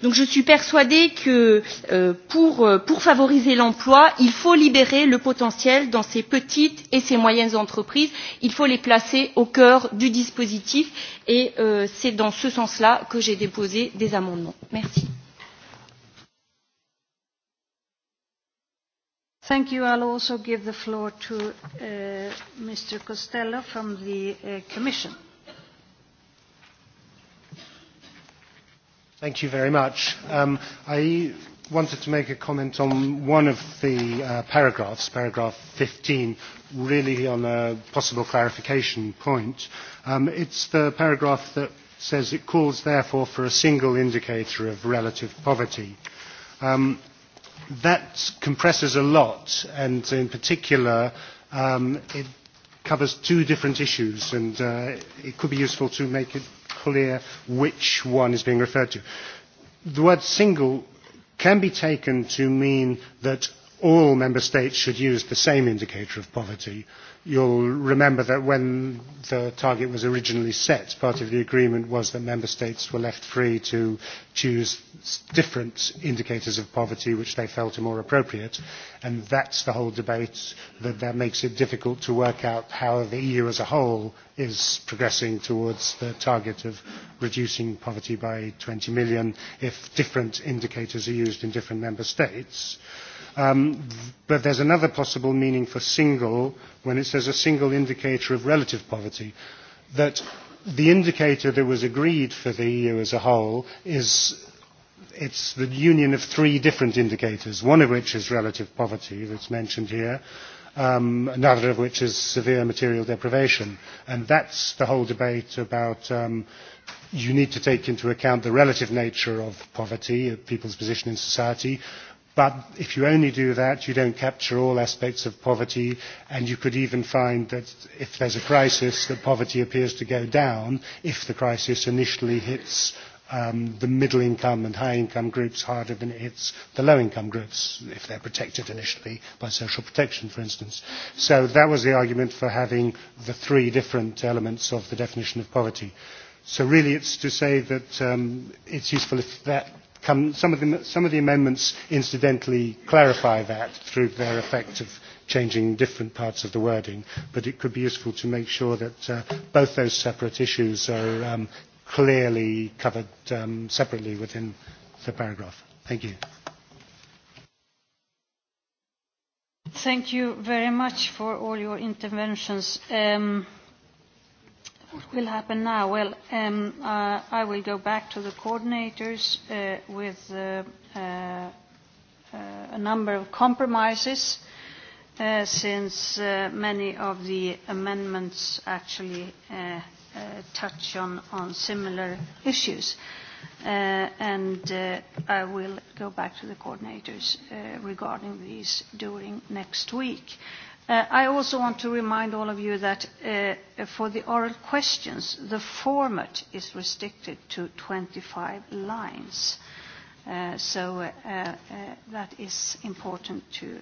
donc je suis persuadée que euh, euh, pour favoriser l'emploi il faut libérer le potentiel dans ces petites et ces moyennes entreprises il faut les placer au cœur du dispositif et euh, c'est dans ce sens là que j'ai déposé des amendements. Thank you very much. Um, I wanted to make a comment on one of the uh, paragraphs, paragraph 15, really on a possible clarification point. Um, it's the paragraph that says it calls, therefore, for a single indicator of relative poverty. Um, that compresses a lot, and in particular, um, it covers two different issues, and uh, it could be useful to make it clear which one is being referred to. The word single can be taken to mean that all member states should use the same indicator of poverty. You'll remember that when the target was originally set, part of the agreement was that member states were left free to choose different indicators of poverty which they felt are more appropriate. And that's the whole debate that, that makes it difficult to work out how the EU as a whole is progressing towards the target of reducing poverty by 20 million if different indicators are used in different member states. Um, but there's another possible meaning for single when it says a single indicator of relative poverty. That the indicator that was agreed for the EU as a whole is it's the union of three different indicators, one of which is relative poverty that's mentioned here, um, another of which is severe material deprivation. And that's the whole debate about um, you need to take into account the relative nature of poverty, of people's position in society, but if you only do that, you don't capture all aspects of poverty, and you could even find that if there's a crisis, that poverty appears to go down if the crisis initially hits um, the middle-income and high-income groups harder than it hits the low-income groups, if they're protected initially by social protection, for instance. So that was the argument for having the three different elements of the definition of poverty. So really it's to say that um, it's useful if that come, some, of the, some of the amendments incidentally clarify that through their effect of changing different parts of the wording, but it could be useful to make sure that uh, both those separate issues are um, clearly covered um, separately within the paragraph. Thank you. Thank you very much for all your interventions. Um, will happen now? Well, um, uh, I will go back to the coordinators uh, with uh, uh, uh, a number of compromises. Uh, since uh, many of the amendments actually uh, uh, touch on, on similar issues. Uh, and uh, I will go back to the coordinators uh, regarding these during next week. Uh, Uh, I also want to remind all of you that uh, for the oral questions, the format is restricted to 25 lines. Uh, that is important to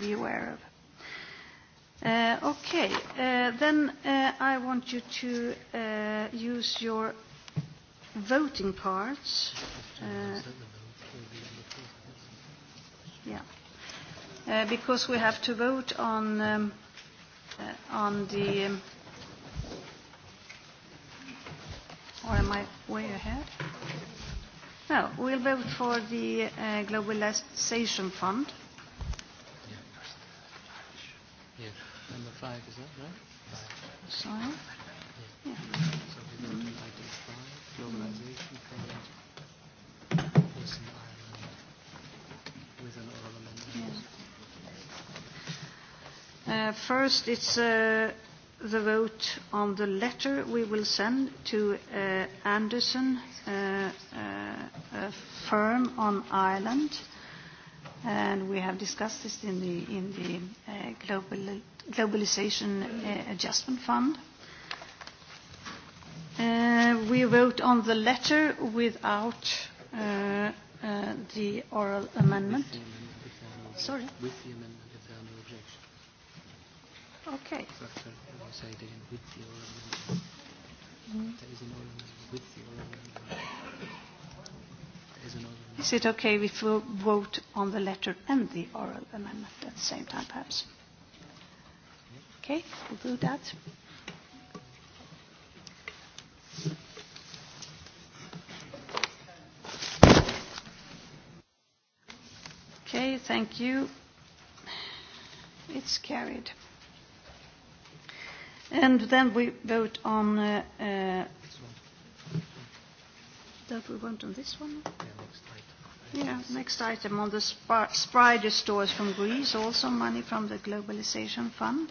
be aware of. Okay. Then I want you to use your voting cards. Yeah. Uh, because we have to vote on um, uh, on the um, or am I way ahead? No, we'll vote for the uh, globalization fund. Five, is that right? Five. Sorry? Yeah. yeah. So we go to mm -hmm. item five, globalization, mm -hmm. Uh, first, it's uh, the vote on the letter we will send to uh, Anderson firm on Ireland. We have discussed this in the Globalization Adjustment Fund. We vote on the letter without the oral amendment. With the amendment. Sorry? With the amendment. Okay. Mm-hmm. Is it okay if we vote on the letter and the oral amendment at the same time, perhaps? Okay, we'll do that. Okay, thank you. It's carried. And then we vote on. Uh, uh, that we vote on this one? Yeah, next item on the Spry stores from Greece, also money from the Globalization Fund.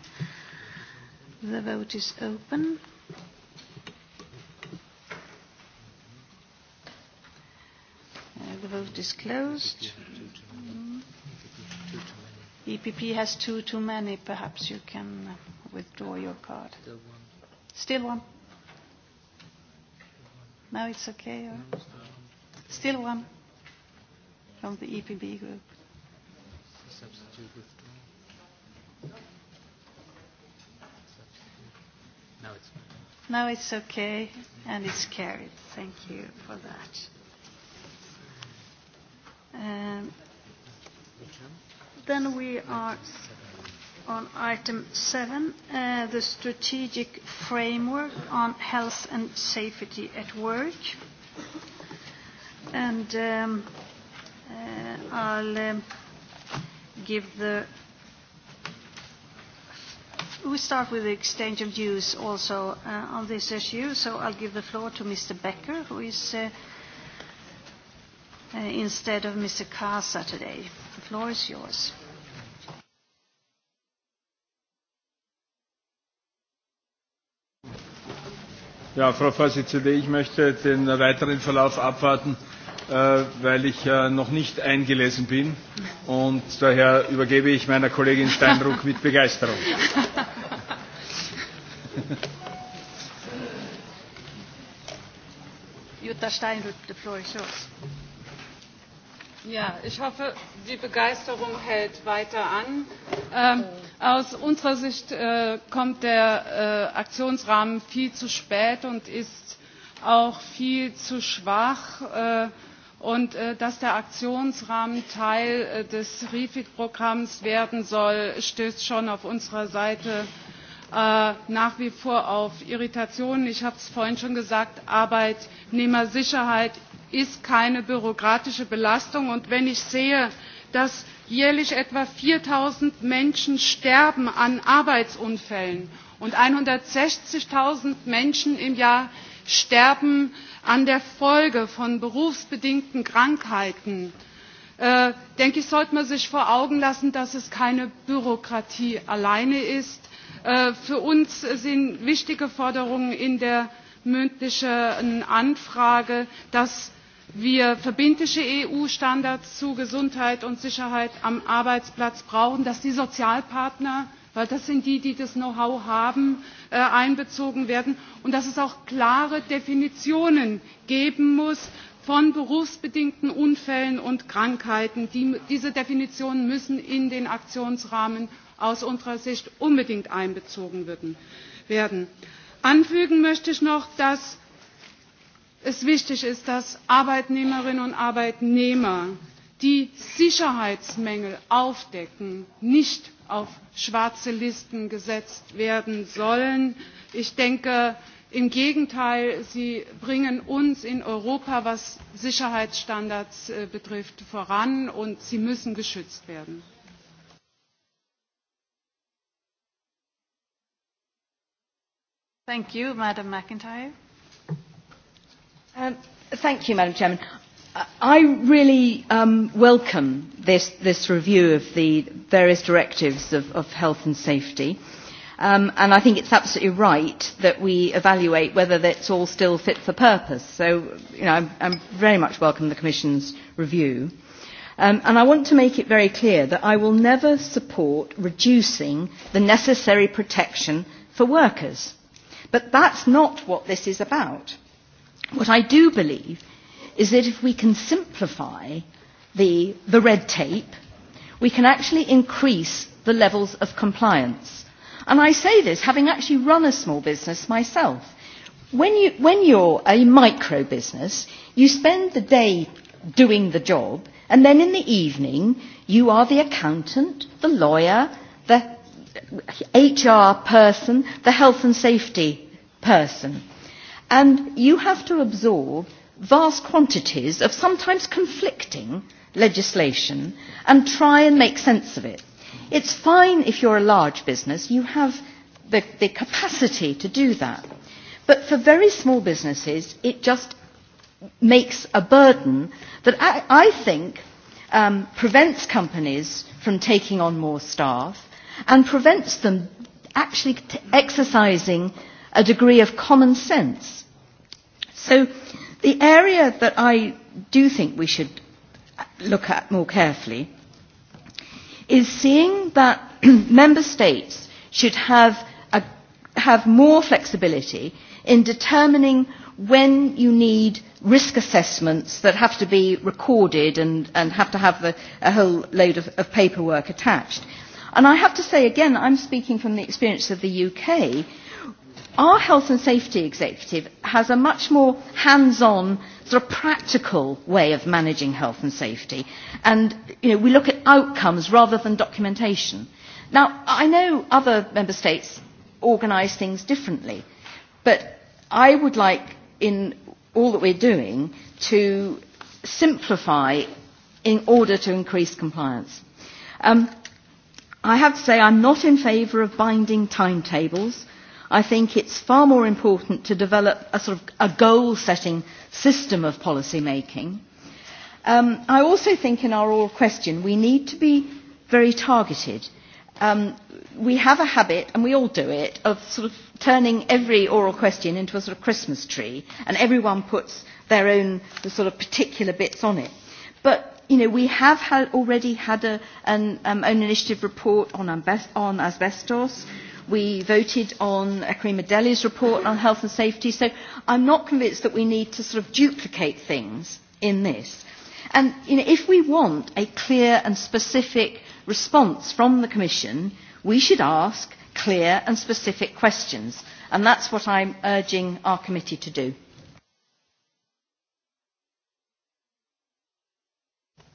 The vote is open. Uh, the vote is closed. EPP has two too many, perhaps you can. Uh, withdraw your card. Still one. No, it's okay. Or? Still one from the EPB group. Substitute withdrawal. Now it's. Now it's okay and it's carried. Thank you for that. Um, then we are on item 7, uh, the strategic framework on health and safety at work. And um, uh, I'll um, give the. We start with the exchange of views also uh, on this issue. So I'll give the floor to Mr. Becker, who is uh, uh, instead of Mr. Kasa today. The floor is yours. Ja, Frau Vorsitzende, ich möchte den weiteren Verlauf abwarten, äh, weil ich äh, noch nicht eingelesen bin. Und daher übergebe ich meiner Kollegin Steinbrück mit Begeisterung. Jutta Steinbrück, the floor is yours. Ja, ich hoffe, die Begeisterung hält weiter an. Ähm, aus unserer Sicht äh, kommt der äh, Aktionsrahmen viel zu spät und ist auch viel zu schwach. Äh, und äh, dass der Aktionsrahmen Teil äh, des REFIT-Programms werden soll, stößt schon auf unserer Seite äh, nach wie vor auf Irritationen. Ich habe es vorhin schon gesagt, Arbeitnehmersicherheit ist keine bürokratische belastung und wenn ich sehe dass jährlich etwa vier null menschen an arbeitsunfällen sterben und einhundertsechzig null menschen im jahr sterben an der folge von berufsbedingten krankheiten äh, denke ich sollte man sich vor augen lassen dass es keine bürokratie alleine ist. Äh, für uns sind wichtige forderungen in der mündlichen anfrage dass wir verbindliche eu standards zu gesundheit und sicherheit am arbeitsplatz brauchen dass die sozialpartner weil das sind die die das know how haben äh, einbezogen werden und dass es auch klare definitionen geben muss von berufsbedingten unfällen und krankheiten. diese definitionen müssen in den aktionsrahmen aus unserer sicht unbedingt einbezogen werden. anfügen möchte ich noch dass es wichtig ist, dass Arbeitnehmerinnen und Arbeitnehmer die Sicherheitsmängel aufdecken, nicht auf schwarze Listen gesetzt werden sollen. Ich denke, im Gegenteil, sie bringen uns in Europa, was Sicherheitsstandards äh, betrifft, voran und sie müssen geschützt werden. Thank you, Madam McIntyre. Um, madam president i really um, welcome this review of the various directives on health and safety um, and i think it is absolutely right that we evaluate whether it is all still fit for purpose so i very much welcome the commission's review. i want to make it very clear that i will never support reducing the necessary protection for workers but that is not what this is about what I do believe is that if we can simplify the, the red tape, we can actually increase the levels of compliance. And I say this having actually run a small business myself. When, you, when you're a micro business, you spend the day doing the job, and then in the evening, you are the accountant, the lawyer, the HR person, the health and safety person and you have to absorb vast quantities of sometimes conflicting legislation and try and make sense of it. It's fine if you're a large business, you have the, the capacity to do that. But for very small businesses, it just makes a burden that I, I think um, prevents companies from taking on more staff and prevents them actually t- exercising a degree of common sense. So the area that I do think we should look at more carefully is seeing that member states should have, a, have more flexibility in determining when you need risk assessments that have to be recorded and, and have to have the, a whole load of, of paperwork attached. And I have to say, again, I'm speaking from the experience of the UK, our health and safety executive has a much more hands-on, sort of practical way of managing health and safety. And you know, we look at outcomes rather than documentation. Now, I know other member states organise things differently, but I would like, in all that we're doing, to simplify in order to increase compliance. Um, I have to say I'm not in favour of binding timetables. I think it's far more important to develop a sort of a goal-setting system of policy making. Um, I also think in our oral question we need to be very targeted. Um, we have a habit, and we all do it, of sort of turning every oral question into a sort of Christmas tree, and everyone puts their own the sort of particular bits on it. But you know, we have had already had a, an, um, an initiative report on, asbest- on asbestos we voted on Karima Deli's report on health and safety. So I'm not convinced that we need to sort of duplicate things in this. And you know, if we want a clear and specific response from the Commission, we should ask clear and specific questions. And that's what I'm urging our committee to do.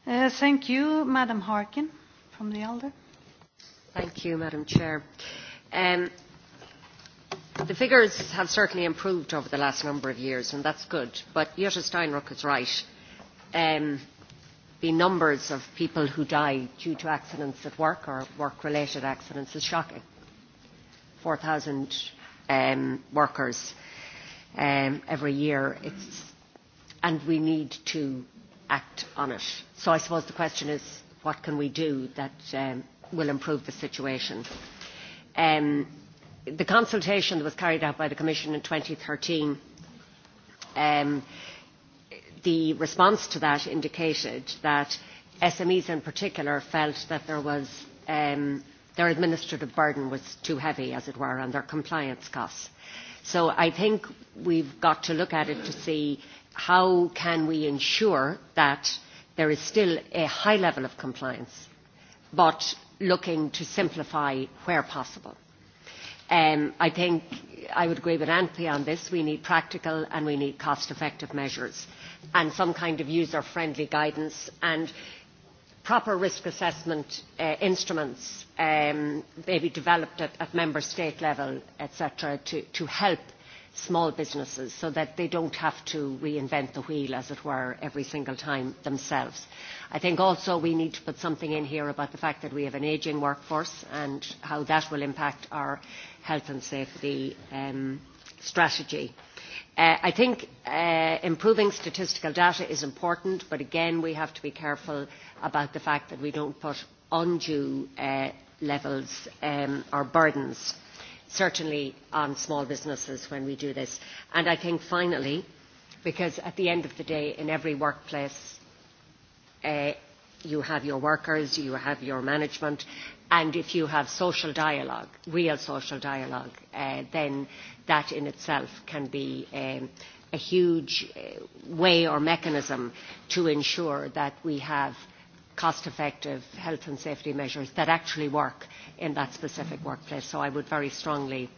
Uh, thank you, Madam Harkin, from the Elder. Thank you, Madam Chair. Um, the figures have certainly improved over the last number of years, and that's good. But Jutta Steinruck is right. Um, the numbers of people who die due to accidents at work or work related accidents is shocking. 4,000 um, workers um, every year. It's, and we need to act on it. So I suppose the question is what can we do that um, will improve the situation? um, the consultation that was carried out by the Commission in 2013, um, the response to that indicated that SMEs in particular felt that there was, um, their administrative burden was too heavy, as it were, on their compliance costs. So I think we've got to look at it to see how can we ensure that there is still a high level of compliance, but looking to simplify where possible. Um, I think I would agree with Anthony on this. We need practical and we need cost-effective measures and some kind of user-friendly guidance and proper risk assessment uh, instruments um, maybe developed at, at member state level, etc., to, to help small businesses so that they don't have to reinvent the wheel, as it were, every single time themselves. I think also we need to put something in here about the fact that we have an ageing workforce and how that will impact our health and safety um, strategy. Uh, I think uh, improving statistical data is important, but again, we have to be careful about the fact that we don't put undue uh, levels um, or burdens uh, certainly on um, small businesses when we do this. And I think finally, because at the end of the day, in every workplace, uh, you have your workers, you have your management, and if you have social dialogue, real social dialogue, uh, then that in itself can be um, a huge uh, way or mechanism to ensure that we have cost effective health and safety measures that actually work in that specific workplace. So I would very strongly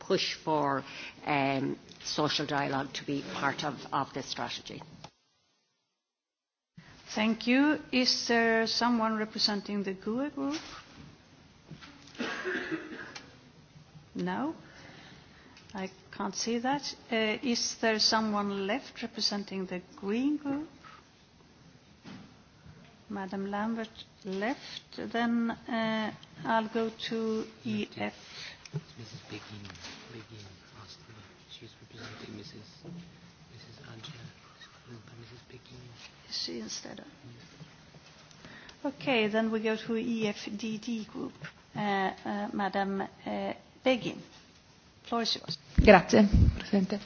push for um, social dialogue to be part of, of this strategy. Thank you. Is there someone representing the GUE group? no? I can't see that. Uh, is there someone left representing the Green group? Madam Lambert left, then uh, I'll go to EF. Mrs. Begin, Begin asked She's representing Mrs. Mrs. Angela. Mrs. Begin. Is she instead of? Okay, then we go to EFDD group. Uh, uh, Madam uh, Begin. Floor is yours. Grazie, Presidente.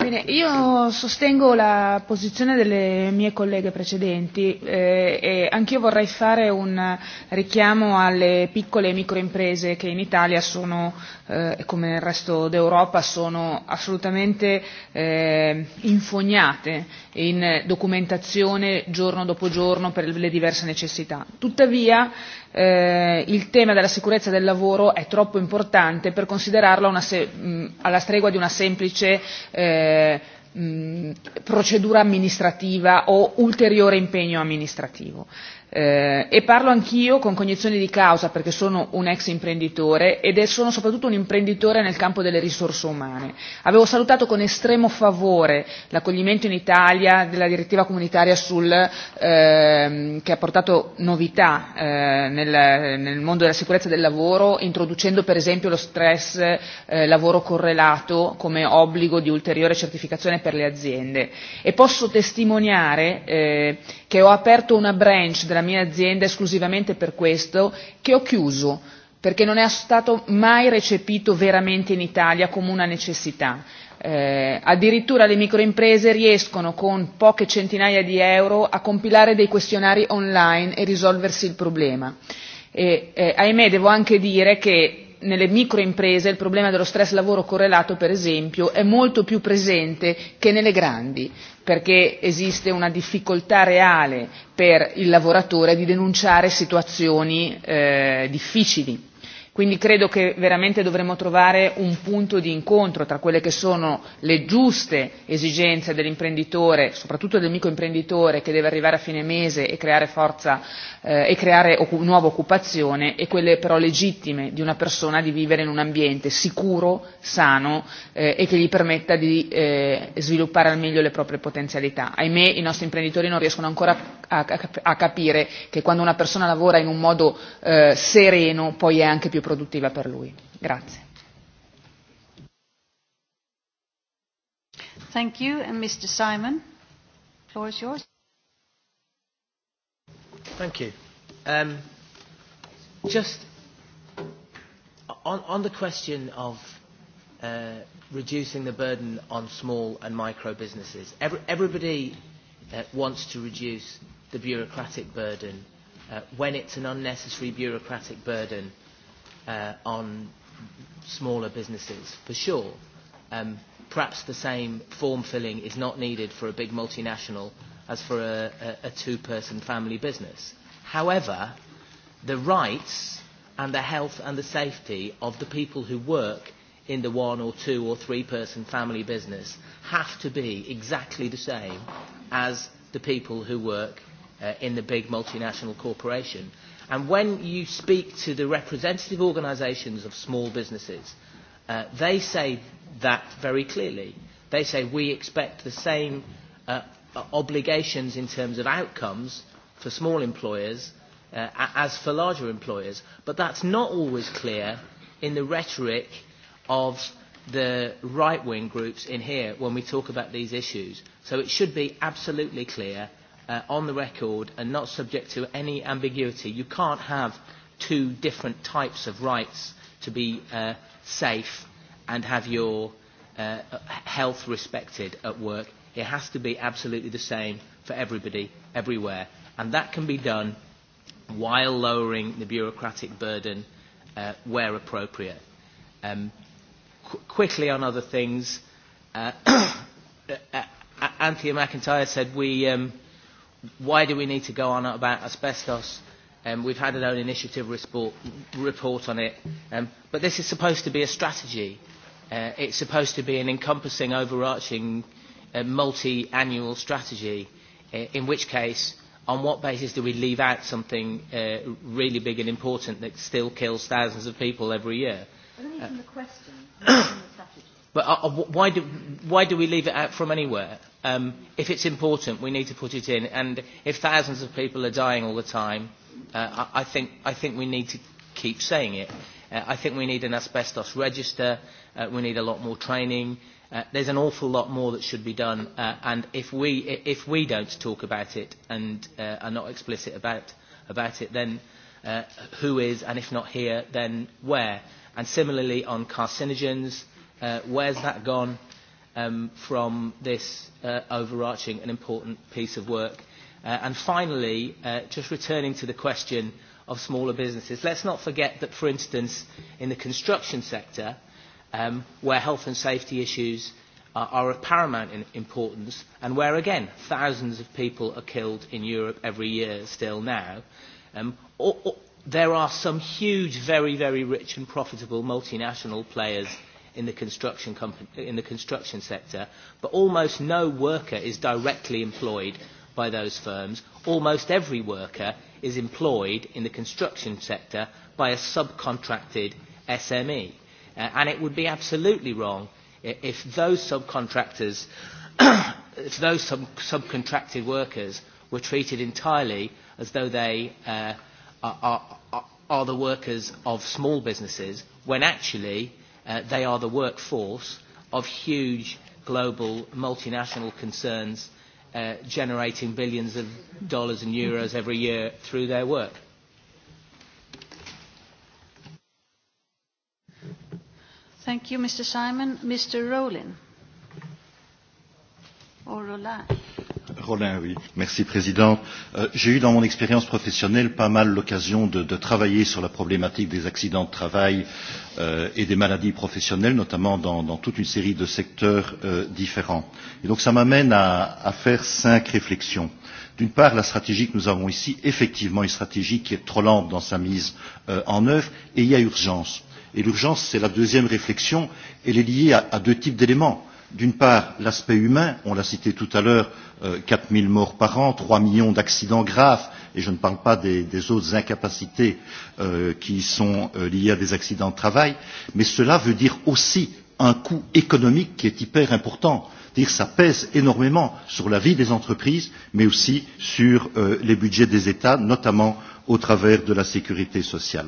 Bene, io sostengo la posizione delle mie colleghe precedenti eh, e anch'io vorrei fare un richiamo alle piccole e microimprese che in Italia sono, eh, e come il resto d'Europa, sono assolutamente eh, infognate in documentazione giorno dopo giorno per le diverse necessità. Tuttavia, eh, il tema della sicurezza del lavoro è troppo importante per considerarlo una se- mh, alla stregua di una semplice eh, mh, procedura amministrativa o ulteriore impegno amministrativo. Eh, e parlo anch'io con cognizione di causa perché sono un ex imprenditore ed è, sono soprattutto un imprenditore nel campo delle risorse umane. Avevo salutato con estremo favore l'accoglimento in Italia della direttiva comunitaria sul, ehm, che ha portato novità eh, nel, nel mondo della sicurezza del lavoro, introducendo per esempio lo stress eh, lavoro correlato come obbligo di ulteriore certificazione per le aziende. E posso testimoniare eh, che ho aperto una branch della mia azienda esclusivamente per questo che ho chiuso perché non è stato mai recepito veramente in italia come una necessità. Eh, addirittura le microimprese riescono con poche centinaia di euro a compilare dei questionari online e risolversi il problema. E, eh, ahimè devo anche dire che nelle microimprese il problema dello stress lavoro correlato per esempio è molto più presente che nelle grandi perché esiste una difficoltà reale per il lavoratore di denunciare situazioni eh, difficili quindi credo che veramente dovremmo trovare un punto di incontro tra quelle che sono le giuste esigenze dell'imprenditore soprattutto del microimprenditore che deve arrivare a fine mese e creare forza eh, e creare nuova occupazione e quelle però legittime di una persona di vivere in un ambiente sicuro sano eh, e che gli permetta di eh, sviluppare al meglio le proprie potenzialità. ahimè i nostri imprenditori non riescono ancora a capire che quando una persona lavora in un modo eh, sereno poi è anche più produttiva per lui. Grazie. Thank you and Mr Simon. Floor is yours. Thank you. Um, just on, on the question of uh, reducing the burden on small and micro businesses, every, everybody uh, wants to reduce the bureaucratic burden uh, when it's an unnecessary bureaucratic burden uh, on smaller businesses, for sure. Um, perhaps the same form filling is not needed for a big multinational as for a, a, a two-person family business. However, the rights and the health and the safety of the people who work in the one or two or three-person family business have to be exactly the same as the people who work uh, in the big multinational corporation. And when you speak to the representative organisations of small businesses, uh, they say that very clearly. They say we expect the same uh, obligations in terms of outcomes for small employers uh, as for larger employers. But that's not always clear in the rhetoric of the right-wing groups in here when we talk about these issues. So it should be absolutely clear uh, on the record and not subject to any ambiguity. You can't have two different types of rights to be uh, safe and have your uh, health respected at work. It has to be absolutely the same for everybody, everywhere. And that can be done while lowering the bureaucratic burden uh, where appropriate. Um, qu- quickly on other things, uh, uh, uh Anthea McIntyre said we. Um, uh, why do we need to go on about asbestos? Um, we've had an own initiative report, report on it. Um, but this is supposed to be a strategy. Uh, it's supposed to be an encompassing, overarching, uh, multi-annual strategy, uh, in which case, on what basis do we leave out something uh, really big and important that still kills thousands of people every year? I don't even uh, the question. But uh, uh why, do, why do we leave it out from anywhere? Um, if it's important, we need to put it in. And if thousands of people are dying all the time, uh, I, I, think, I think we need to keep saying it. Uh, I think we need an asbestos register. Uh, we need a lot more training. Uh, there's an awful lot more that should be done. Uh, and if we, if we don't talk about it and uh, are not explicit about, about it, then uh, who is? And if not here, then where? And similarly on carcinogens, uh, uh, where's that gone um, from this uh, overarching and important piece of work? Uh, and finally, uh, just returning to the question of smaller businesses, let's not forget that, for instance, in the construction sector, um, where health and safety issues are, are of paramount in importance, and where, again, thousands of people are killed in Europe every year still now, um, or, or there are some huge, very, very rich and profitable multinational players in the construction, company, in the construction sector, but almost no worker is directly employed by those firms. Almost every worker is employed in the construction sector by a subcontracted SME. Uh, and it would be absolutely wrong if those subcontractors, if those sub subcontracted workers were treated entirely as though they uh, are, are, are the workers of small businesses, when actually uh, they are the workforce of huge global multinational concerns uh, generating billions of dollars and euros every year through their work. Thank you, Mr. Simon. Mr. Rowland. Or Roland madame la présidente euh, j'ai eu dans mon expérience professionnelle pas mal l'occasion de travailler sur la problématique des accidents de travail euh, et des maladies professionnelles notamment dans toute une série de secteurs euh, différents. cela m'amène à faire cinq réflexions. d'une part la stratégie que nous avons ici effectivement une stratégie qui est trop lente dans sa mise en œuvre et il y a urgence. et l'urgence c'est la deuxième réflexion elle est liée à deux types d'éléments d'une part l'aspect humain on l'a cité tout à l'heure euh, quatre zéro morts par an trois millions d'accidents graves et je ne parle pas des, des autres incapacités euh, qui sont euh, liées à des accidents de travail mais cela veut dire aussi un coût économique qui est hyper important dire ça pèse énormément sur la vie des entreprises mais aussi sur euh, les budgets des États, notamment au travers de la sécurité sociale.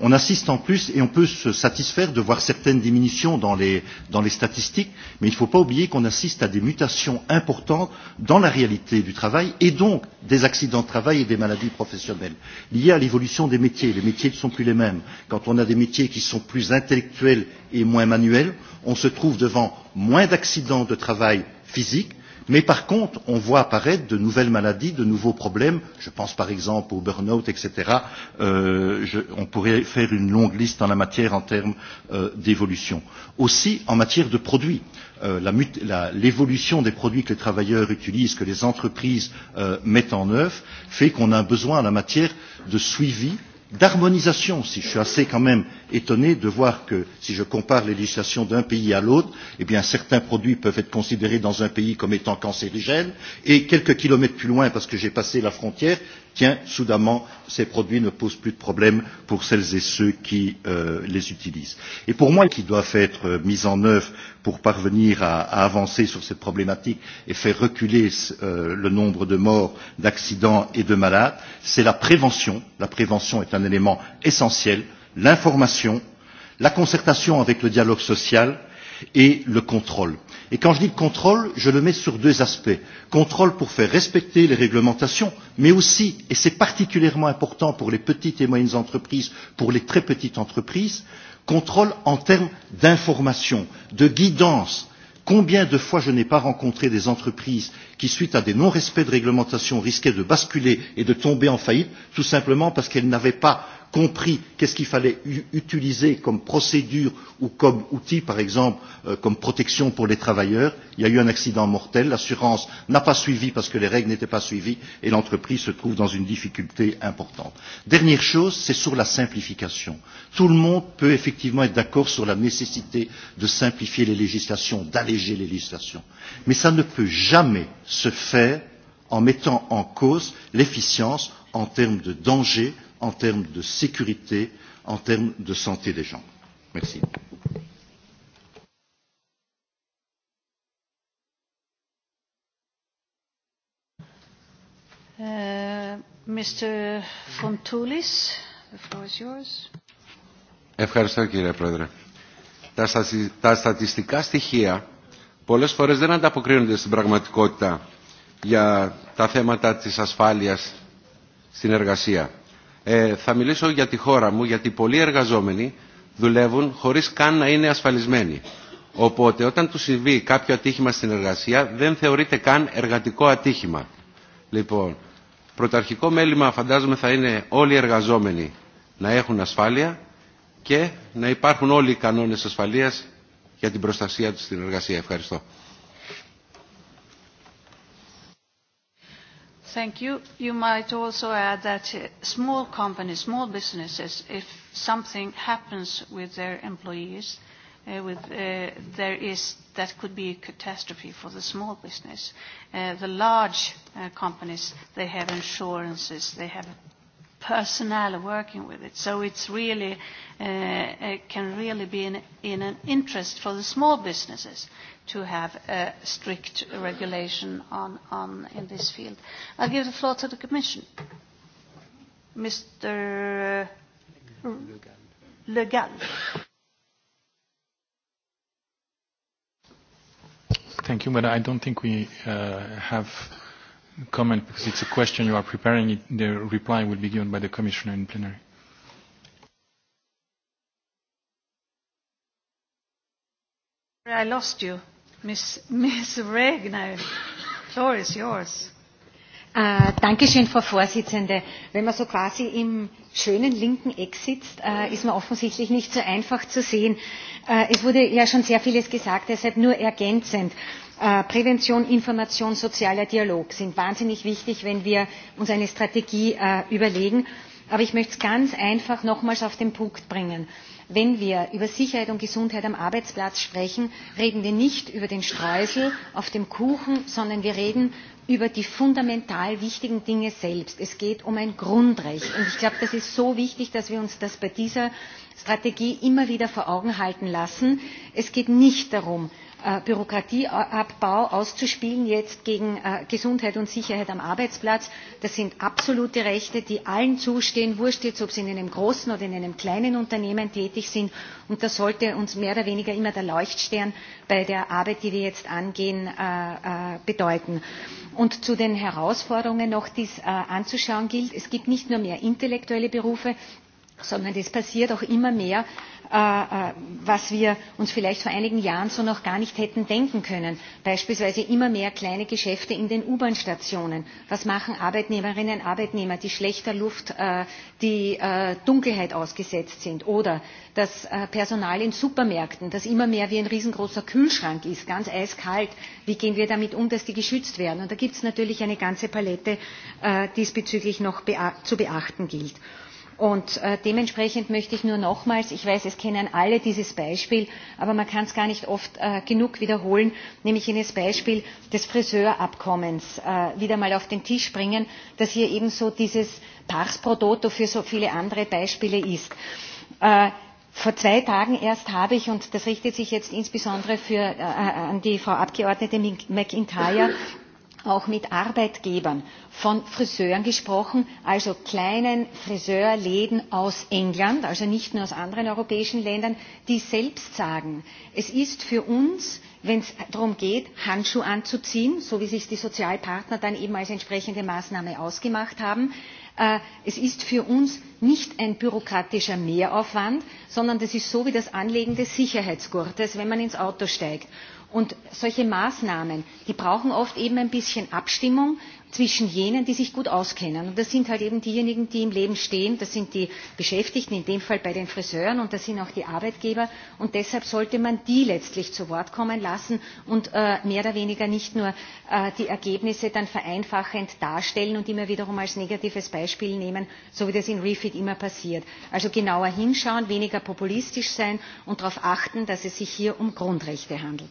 On assiste en plus, et on peut se satisfaire de voir certaines diminutions dans les, dans les statistiques, mais il ne faut pas oublier qu'on assiste à des mutations importantes dans la réalité du travail, et donc des accidents de travail et des maladies professionnelles, liées à l'évolution des métiers. Les métiers ne sont plus les mêmes. Quand on a des métiers qui sont plus intellectuels et moins manuels, on se trouve devant moins d'accidents de travail physiques, mais par contre on voit apparaître de nouvelles maladies, de nouveaux problèmes je pense par exemple au burn out, etc. Euh, je, on pourrait faire une longue liste en la matière en termes euh, d'évolution. Aussi en matière de produits, euh, l'évolution des produits que les travailleurs utilisent, que les entreprises euh, mettent en œuvre, fait qu'on a besoin en la matière de suivi d'harmonisation, si je suis assez quand même étonné de voir que si je compare les législations d'un pays à l'autre, eh bien certains produits peuvent être considérés dans un pays comme étant cancérigènes et quelques kilomètres plus loin, parce que j'ai passé la frontière, tiens soudainement ces produits ne posent plus de problème pour celles et ceux qui euh, les utilisent. Et pour moi, qui doivent être euh, mis en œuvre pour parvenir à, à avancer sur cette problématique et faire reculer euh, le nombre de morts, d'accidents et de malades, c'est la prévention. La prévention est un élément essentiel. L'information, la concertation avec le dialogue social et le contrôle. Et quand je dis contrôle, je le mets sur deux aspects. Contrôle pour faire respecter les réglementations, mais aussi, et c'est particulièrement important pour les petites et moyennes entreprises, pour les très petites entreprises, contrôle en termes d'information, de guidance. Combien de fois je n'ai pas rencontré des entreprises qui, suite à des non-respects de réglementations, risquaient de basculer et de tomber en faillite, tout simplement parce qu'elles n'avaient pas compris ce qu'il fallait utiliser comme procédure ou comme outil par exemple euh, comme protection pour les travailleurs il y a eu un accident mortel l'assurance n'a pas suivi parce que les règles n'étaient pas suivies et l'entreprise se trouve dans une difficulté importante. dernière chose c'est sur la simplification. tout le monde peut effectivement être d'accord sur la nécessité de simplifier les législations d'alléger les législations mais ça ne peut jamais se faire en mettant en cause l'efficience en termes de danger en termes de sécurité, en termes de santé des gens. Merci. Uh, Ευχαριστώ κύριε Πρόεδρε. Τα, στατι... τα στατιστικά στοιχεία πολλές φορές δεν ανταποκρίνονται στην πραγματικότητα για τα θέματα της ασφάλειας στην εργασία. Ε, θα μιλήσω για τη χώρα μου, γιατί πολλοί εργαζόμενοι δουλεύουν χωρίς καν να είναι ασφαλισμένοι. Οπότε όταν του συμβεί κάποιο ατύχημα στην εργασία, δεν θεωρείται καν εργατικό ατύχημα. Λοιπόν, πρωταρχικό μέλημα φαντάζομαι θα είναι όλοι οι εργαζόμενοι να έχουν ασφάλεια και να υπάρχουν όλοι οι κανόνες ασφαλείας για την προστασία τους στην εργασία. Ευχαριστώ. Thank you. You might also add that uh, small companies, small businesses, if something happens with their employees, uh, uh, that could be a catastrophe for the small business. The large companies, they have insurances, they have personnel working with it. So it's really, uh, it uh, can really be in, in an interest for the small businesses to have a strict regulation on, on in this field. I'll give the floor to the Commission. Mr. Uh, Le Gall. Thank you, but I don't think we uh, have comment because it's a question you are preparing. It, the reply will be given by the Commissioner in plenary. I lost you. Miss, Miss Regner, the floor is yours. Uh, danke schön, Frau Vorsitzende. Wenn man so quasi im schönen linken Eck sitzt, äh, ist man offensichtlich nicht so einfach zu sehen. Äh, es wurde ja schon sehr vieles gesagt, deshalb nur ergänzend. Äh, prävention information sozialer dialog sind wahnsinnig wichtig wenn wir uns eine strategie äh, überlegen. aber ich möchte es ganz einfach nochmals auf den punkt bringen wenn wir über sicherheit und gesundheit am arbeitsplatz sprechen reden wir nicht über den streusel auf dem kuchen sondern wir reden über die fundamental wichtigen dinge selbst. es geht um ein grundrecht. und ich glaube das ist so wichtig dass wir uns das bei dieser strategie immer wieder vor augen halten lassen. es geht nicht darum Äh, bürokratieabbau auszuspielen jetzt gegen äh, gesundheit und sicherheit am arbeitsplatz das sind absolute rechte die allen zustehen wurscht jetzt ob sie in einem großen oder in einem kleinen unternehmen tätig sind und das sollte uns mehr oder weniger immer der leuchtstern bei der arbeit die wir jetzt angehen äh, bedeuten. Und zu den Herausforderungen noch, die es äh, anzuschauen gilt. Es gibt nicht nur mehr intellektuelle Berufe, sondern es passiert auch immer mehr äh, äh, was wir uns vielleicht vor einigen jahren so noch gar nicht hätten denken können beispielsweise immer mehr kleine geschäfte in den u bahn stationen. was machen arbeitnehmerinnen und arbeitnehmer die schlechter luft äh, die dunkelheit ausgesetzt sind oder das personal in supermärkten das immer mehr wie ein riesengroßer kühlschrank ist ganz eiskalt wie gehen wir damit um dass die geschützt werden? da gibt es natürlich eine ganze palette die es diesbezüglich noch zu beachten gilt und äh, dementsprechend möchte ich nur nochmals ich weiß es kennen alle dieses beispiel aber man kann es gar nicht oft äh, genug wiederholen nämlich jenes beispiel des friseurabkommens äh, wieder einmal auf den tisch bringen das hier ebenso dieses pars pro toto für so viele andere beispiele ist. vor zwei tagen erst habe ich und das richtet sich jetzt insbesondere an die frau abgeordnete mcintyre auch mit arbeitgebern von friseuren gesprochen also kleinen friseurläden aus england also nicht nur aus anderen europäischen ländern die selbst sagen es ist für uns wenn es darum geht handschuhe anzuziehen so wie sich die sozialpartner dann eben als entsprechende maßnahme ausgemacht haben äh, es ist für uns nicht ein bürokratischer mehraufwand sondern das ist so wie das anlegen des sicherheitsgurtes wenn man ins auto steigt und solche maßnahmen die brauchen oft eben ein bisschen abstimmung zwischen jenen die sich gut auskennen und das sind halt eben diejenigen die im leben stehen das sind die beschäftigten in dem fall bei den friseuren und das sind auch die arbeitgeber und deshalb sollte man die letztlich zu wort kommen lassen und äh, mehr oder weniger nicht nur äh, die ergebnisse dann vereinfachend darstellen und immer wiederum als negatives beispiel nehmen so wie das in refit immer passiert also genauer hinschauen weniger populistisch sein und darauf achten dass es sich hier um grundrechte handelt.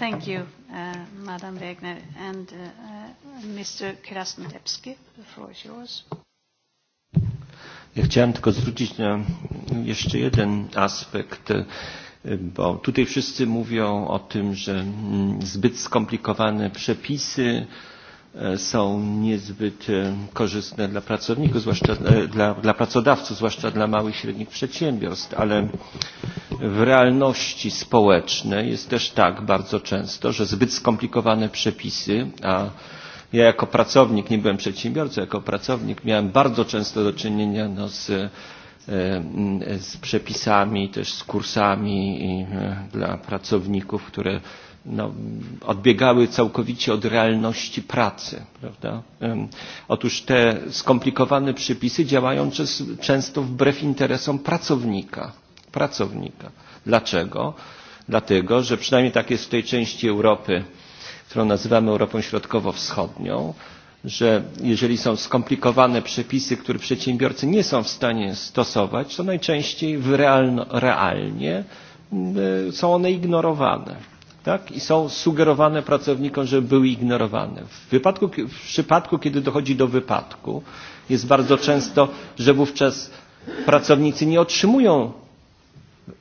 Thank you, uh, Madam Wegner. And uh, uh, Mr. Krasnodebski, the floor is yours. Ja chciałem tylko zwrócić na jeszcze jeden aspekt, bo tutaj wszyscy mówią o tym, że mm, zbyt skomplikowane przepisy, E, są niezbyt e, korzystne dla pracowników zwłaszcza e, dla, dla pracodawców zwłaszcza dla małych i średnich przedsiębiorstw ale w realności społecznej jest też tak bardzo często że zbyt skomplikowane przepisy a ja jako pracownik nie byłem przedsiębiorcą jako pracownik miałem bardzo często do czynienia no, z, z przepisami też z kursami i, dla pracowników które no, odbiegały całkowicie od realności pracy. Prawda? Otóż te skomplikowane przepisy działają często wbrew interesom pracownika. pracownika. Dlaczego? Dlatego, że przynajmniej tak jest w tej części Europy, którą nazywamy Europą Środkowo-Wschodnią, że jeżeli są skomplikowane przepisy, które przedsiębiorcy nie są w stanie stosować, to najczęściej w realno, realnie są one ignorowane tak? i są sugerowane pracownikom, żeby były ignorowane. W, wypadku, w przypadku, kiedy dochodzi do wypadku, jest bardzo często, że wówczas pracownicy nie otrzymują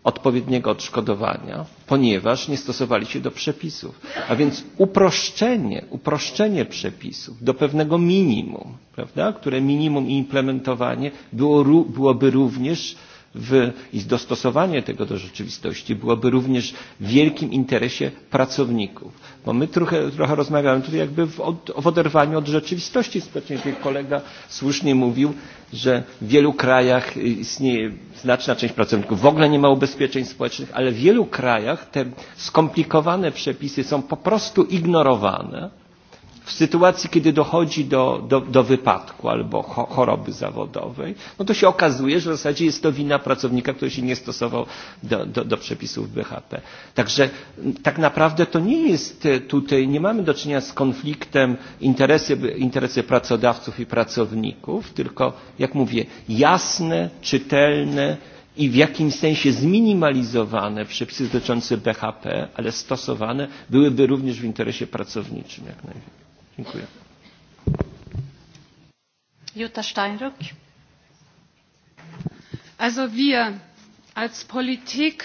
odpowiedniego odszkodowania, ponieważ nie stosowali się do przepisów. A więc uproszczenie, uproszczenie przepisów do pewnego minimum, prawda, które minimum i implementowanie było, byłoby również w, i dostosowanie tego do rzeczywistości byłoby również w wielkim interesie pracowników. Bo my trochę, trochę rozmawiamy tutaj jakby w, od, w oderwaniu od rzeczywistości społecznej. Tutaj kolega słusznie mówił, że w wielu krajach istnieje znaczna część pracowników, w ogóle nie ma ubezpieczeń społecznych, ale w wielu krajach te skomplikowane przepisy są po prostu ignorowane w sytuacji, kiedy dochodzi do, do, do wypadku albo cho, choroby zawodowej, no to się okazuje, że w zasadzie jest to wina pracownika, który się nie stosował do, do, do przepisów BHP. Także tak naprawdę to nie jest e, tutaj, nie mamy do czynienia z konfliktem interesy, interesy pracodawców i pracowników, tylko jak mówię, jasne, czytelne i w jakimś sensie zminimalizowane przepisy dotyczące BHP, ale stosowane byłyby również w interesie pracowniczym jak najwięcej. Dziękuję. Jutta Steinruck. Also wir als Politik,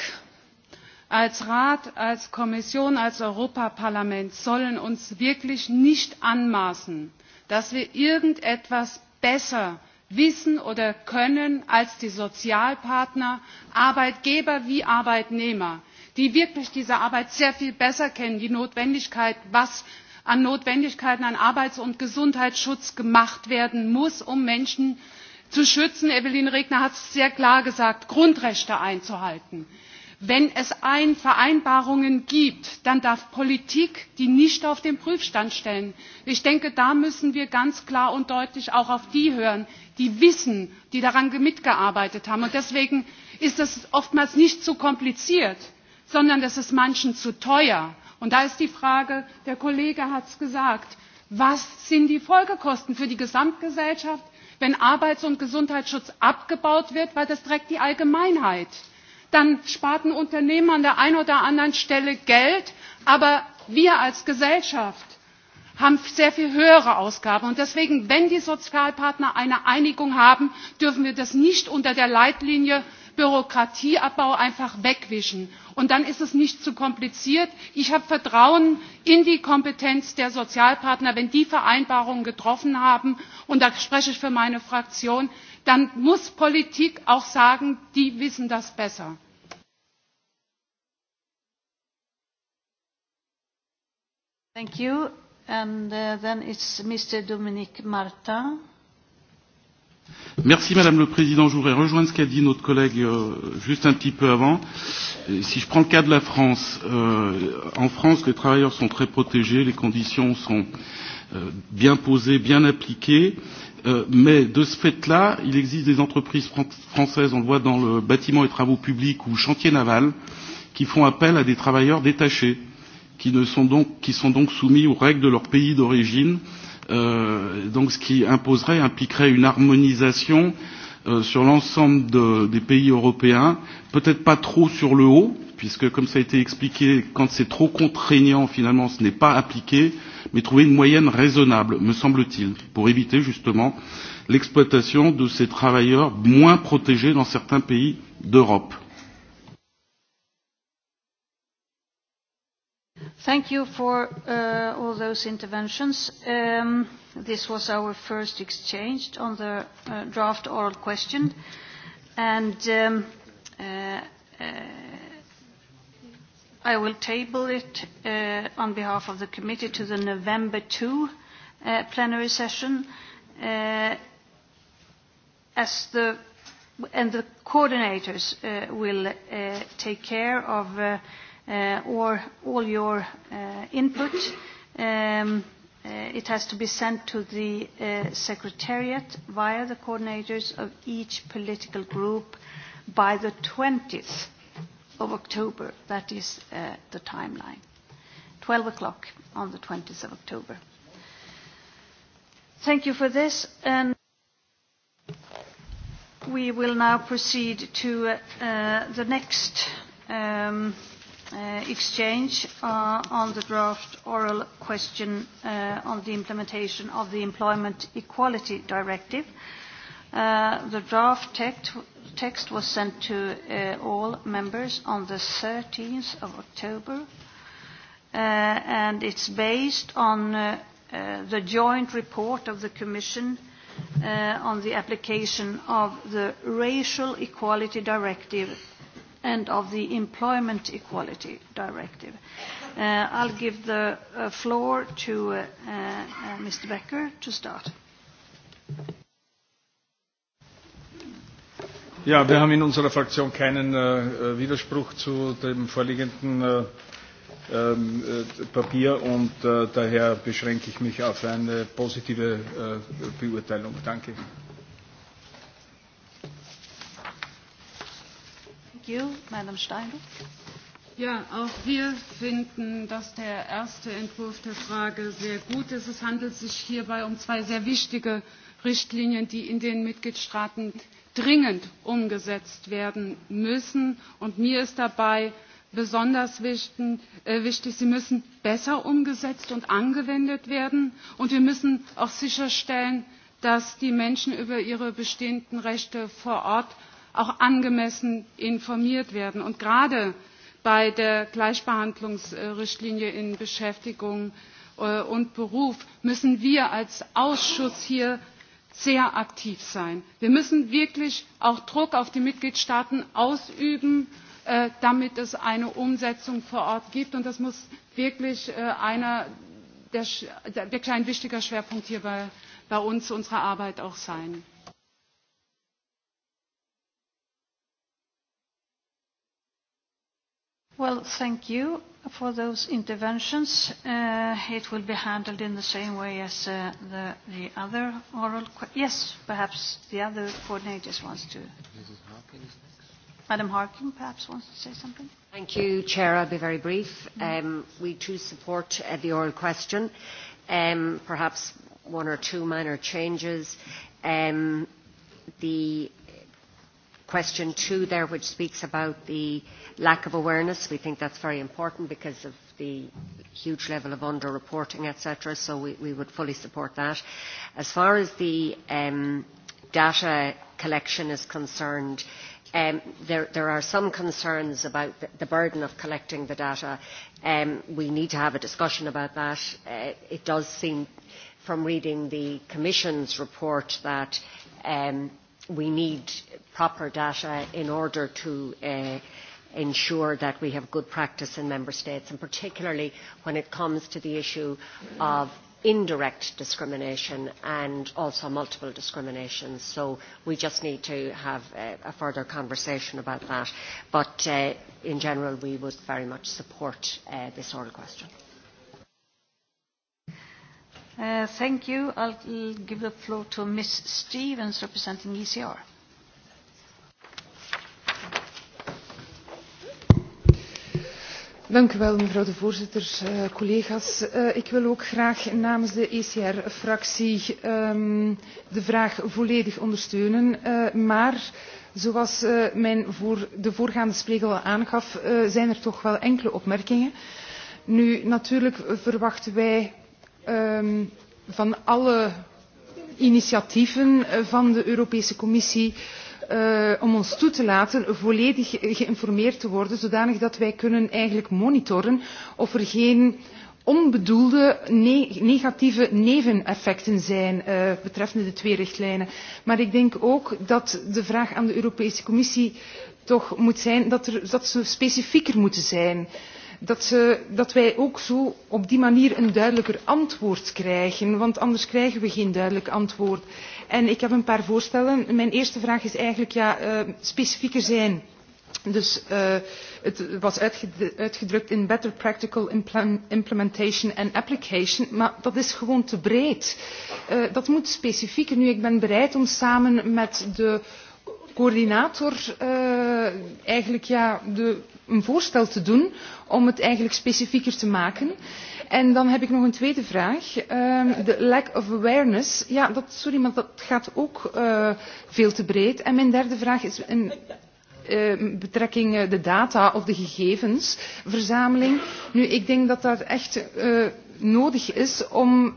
als Rat, als Kommission, als Europaparlament sollen uns wirklich nicht anmaßen, dass wir irgendetwas besser wissen oder können als die Sozialpartner, Arbeitgeber wie Arbeitnehmer, die wirklich diese Arbeit sehr viel besser kennen, die Notwendigkeit, was an notwendigkeiten an arbeits und gesundheitsschutz gemacht werden muss um menschen zu schützen evelyn regner hat es sehr klar gesagt grundrechte einzuhalten. wenn es vereinbarungen gibt dann darf politik die nicht auf den prüfstand stellen. ich denke da müssen wir ganz klar und deutlich auch auf die hören die wissen die daran mitgearbeitet haben. deswegen ist es oftmals nicht zu kompliziert sondern es ist manchen zu teuer. Und da ist die Frage, der Kollege hat es gesagt, was sind die Folgekosten für die Gesamtgesellschaft, wenn Arbeits- und Gesundheitsschutz abgebaut wird, weil das trägt die Allgemeinheit. Dann spart ein Unternehmen an der einen oder anderen Stelle Geld, aber wir als Gesellschaft haben sehr viel höhere Ausgaben. Und deswegen, wenn die Sozialpartner eine Einigung haben, dürfen wir das nicht unter der Leitlinie Bürokratieabbau einfach wegwischen und dann ist es nicht zu kompliziert. ich habe vertrauen in die kompetenz der sozialpartner wenn die vereinbarungen getroffen haben und da spreche ich für meine fraktion dann muss politik auch sagen die wissen das besser. thank you and uh, then it's mr dominique martin madame la présidente je voudrais rejoindre ce qu'a dit notre collègue euh, juste un petit peu avant. si je prends le cas de la france euh, en france les travailleurs sont très protégés les conditions sont euh, bien posées bien appliquées mais de ce fait là il existe des entreprises françaises on le voit dans le bâtiment et travaux publics ou chantier naval qui font appel à des travailleurs détachés qui, ne sont, donc, qui sont donc soumis aux règles de leur pays d'origine euh, donc ce qui imposerait, impliquerait une harmonisation euh, sur l'ensemble de, des pays européens, peut-être pas trop sur le haut, puisque comme ça a été expliqué, quand c'est trop contraignant, finalement, ce n'est pas appliqué, mais trouver une moyenne raisonnable, me semble-t-il, pour éviter justement l'exploitation de ces travailleurs moins protégés dans certains pays d'Europe. Thank you for uh, all those interventions. Um, this was our first exchange on the uh, draft oral question. And um, uh, uh, I will table it uh, on behalf of the committee to the November 2 uh, plenary session. Uh, as the, and the coordinators uh, will uh, take care of uh, Uh, or all your uh, input. Um, uh, it has to be sent to the uh, secretariat via the coordinators of each political group by the 20th of October. That is uh, the timeline. 12 o'clock on the 20th of October. Thank you for this. And we will now proceed to uh, the next. Um, uh, exchange uh, on the draft oral question uh, on the implementation of the Employment Equality Directive. Uh, the draft text, text was sent to uh, all members on the 13th of October, uh, and it's based on uh, uh, the joint report of the Commission uh, on the application of the Racial Equality Directive and of the Employment Equality Directive. Uh, I'll give the uh, floor to uh, uh, Mr. Becker to start. Ja, wir haben in unserer Fraktion keinen äh, äh Widerspruch zu dem vorliegenden äh, ähm, äh, Papier und äh, daher beschränke ich mich auf eine positive äh, Beurteilung. Danke. Thank you, Madam Steinbuch. Ja, auch wir finden, dass der erste Entwurf der Frage sehr gut ist. Es handelt sich hierbei um zwei sehr wichtige Richtlinien, die in den Mitgliedstaaten dringend umgesetzt werden müssen. Und mir ist dabei besonders wichtig, äh, wichtig, sie müssen besser umgesetzt und angewendet werden. Und wir müssen auch sicherstellen, dass die Menschen über ihre bestehenden Rechte vor Ort auch angemessen informiert werden. Und gerade bei der Gleichbehandlungsrichtlinie in Beschäftigung äh, und Beruf müssen wir als Ausschuss hier sehr aktiv sein. Wir müssen wirklich auch Druck auf die Mitgliedstaaten ausüben, äh, damit es eine Umsetzung vor Ort gibt. Und das muss wirklich, äh, einer der, wirklich ein wichtiger Schwerpunkt hier bei, bei uns, unserer Arbeit auch sein. Well, thank you for those interventions. Uh, it will be handled in the same way as uh, the other oral. Yes, perhaps the other coordinators wants to. Mrs. Harkin is next. Madam Harkin perhaps wants to say something. Thank you, Chair. I'll be very brief. Mm-hmm. Um, we too support uh, the oral question. Um, perhaps one or two minor changes. Um, the question two there, which speaks about the lack of awareness. We think that's very important because of the huge level of underreporting, etc. So we, we would fully support that. As far as the um, data collection is concerned, um, there, there are some concerns about the, the burden of collecting the data. Um, we need to have a discussion about that. Uh, it does seem from reading the Commission's report that um, we need proper data in order to uh, ensure that we have good practice in member states, and particularly when it comes to the issue of indirect discrimination and also multiple discrimination. So we just need to have a, a further conversation about that. But uh, in general, we would very much support uh, this oral question. Uh, thank you. I'll give the floor to Ms. Stevens representing ECR. voorzitter eh, collega's eh, ik wil ook graag namens de ecr fractie ehm, de vraag volledig ondersteunen eh, maar zoals de voorgaande spreker al aangaf zijn er toch wel enkele opmerkingen. natuurlijk verwachten wij ehm, van alle initiatieven van de europese commissie uh, om ons toe te laten volledig geïnformeerd te worden, zodanig dat wij kunnen eigenlijk monitoren of er geen onbedoelde ne negatieve neveneffecten zijn uh, betreffende de twee richtlijnen. Maar ik denk ook dat de vraag aan de Europese Commissie toch moet zijn dat, er, dat ze specifieker moeten zijn. Dat, ze, dat wij ook zo op die manier een duidelijker antwoord krijgen, want anders krijgen we geen duidelijk antwoord. Uh, en ik heb een paar voorstellen. mijn eerste vraag is eigenlijk ja, eh, specifieker zijn dus eh, het was uitgedrukt in better practical implementation and application maar dat is gewoon te breed. Eh, dat moet specifieker. ik ben bereid om samen met de coördinator eigenlijk ja, een voorstel te doen om het eigenlijk specifieker te maken. En dan heb ik nog een tweede vraag. Ehm, de uh, lack of awareness. Ja, dat, sorry, maar dat gaat ook uh, veel te breed. En mijn derde vraag is in uh, ehm, betrekking uh, de data of de gegevensverzameling. Nu, ik denk dat dat echt uh, nodig is om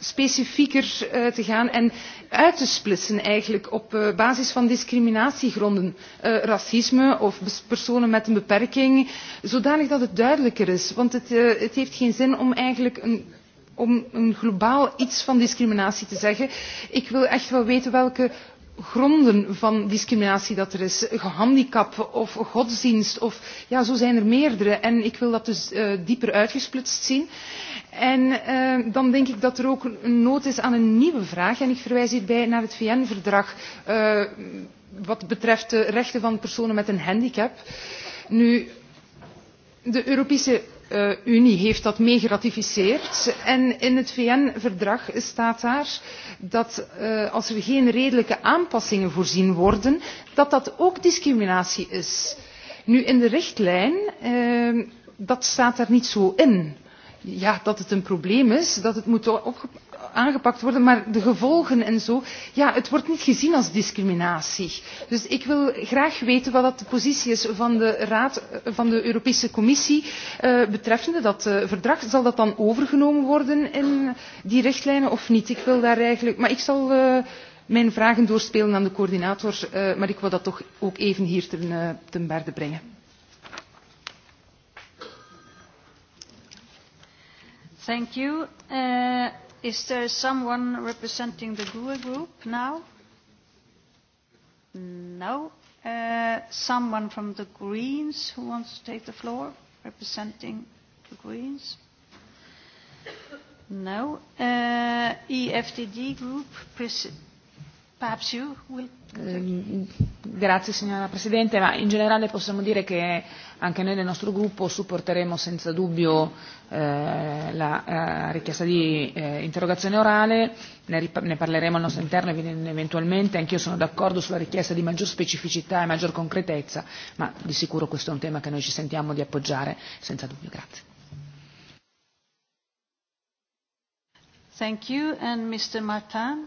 specifieker eh, te gaan en uit te splitsen eigenlijk op eh, basis van discriminatiegronden eh, racisme of personen met een beperking zodanig dat het duidelijker is. want het heeft geen zin om eigenlijk om globaal iets van discriminatie te zeggen. ik wil echt wel weten welke gronden van discriminatie dat er is handicap of godsdienst of ja zo zijn er meerdere en ik wil dat dus uh, dieper uitgesplitst zien en uh, dan denk ik dat er ook een nood is aan een nieuwe vraag en ik verwijs hierbij naar het VN verdrag uh, eh, wat betreft de rechten van personen met een handicap nu de Europese Eh, unie heeft dat mee geratificeerd en in het vn verdrag staat dat eh, als er geen redelijke aanpassingen voorzien worden dat dat ook discriminatie is. in de richtlijn eh, staat daar niet zo in. ja dat het een probleem is dat het moet worden aangepakt worden maar de gevolgen en zo ja het wordt niet gezien als discriminatie. dus ik wil graag weten wat de positie is van de raad eh, van de europese commissie eh, betreffende dat eh, verdrag. zal dat dan overgenomen worden in die richtlijnen of niet? ik wil daar eigenlijk maar ik zal mijn vragen doorspelen aan de coördinator maar ik wil dat toch ook even hier ten, ten berde brengen. Thank you. Uh, is there someone representing the GUE group now? No. Uh, someone from the Greens who wants to take the floor representing the Greens? No. Uh, EFTD group presents. Ehm, grazie signora Presidente, ma in generale possiamo dire che anche noi nel nostro gruppo supporteremo senza dubbio eh, la eh, richiesta di eh, interrogazione orale, ne, ne parleremo al nostro interno eventualmente, anch'io sono d'accordo sulla richiesta di maggior specificità e maggior concretezza, ma di sicuro questo è un tema che noi ci sentiamo di appoggiare senza dubbio. Grazie. Thank you. And Mr. Martin,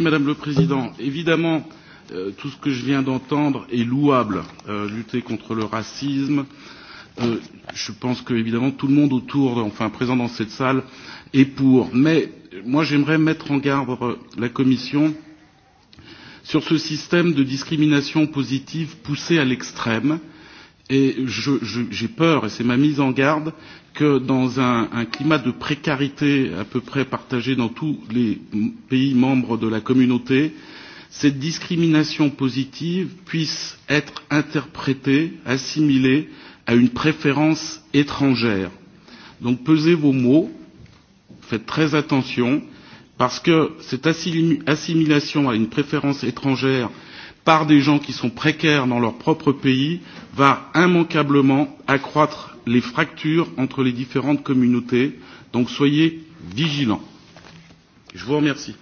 madame la présidente évidemment euh, tout ce que je viens d'entendre est louable euh, lutter contre le racisme euh, je pense que évidemment tout le monde autour enfin présent dans cette salle est pour mais moi j'aimerais mettre en garde la commission sur ce système de discrimination positive poussé à l'extrême et j'ai peur et c'est ma mise en garde que dans un, un climat de précarité à peu près partagé dans tous les pays membres de la communauté, cette discrimination positive puisse être interprétée, assimilée à une préférence étrangère. Donc pesez vos mots, faites très attention, parce que cette assimilation à une préférence étrangère par des gens qui sont précaires dans leur propre pays va immanquablement accroître les fractures entre les différentes communautés. Donc soyez vigilants. Je vous remercie.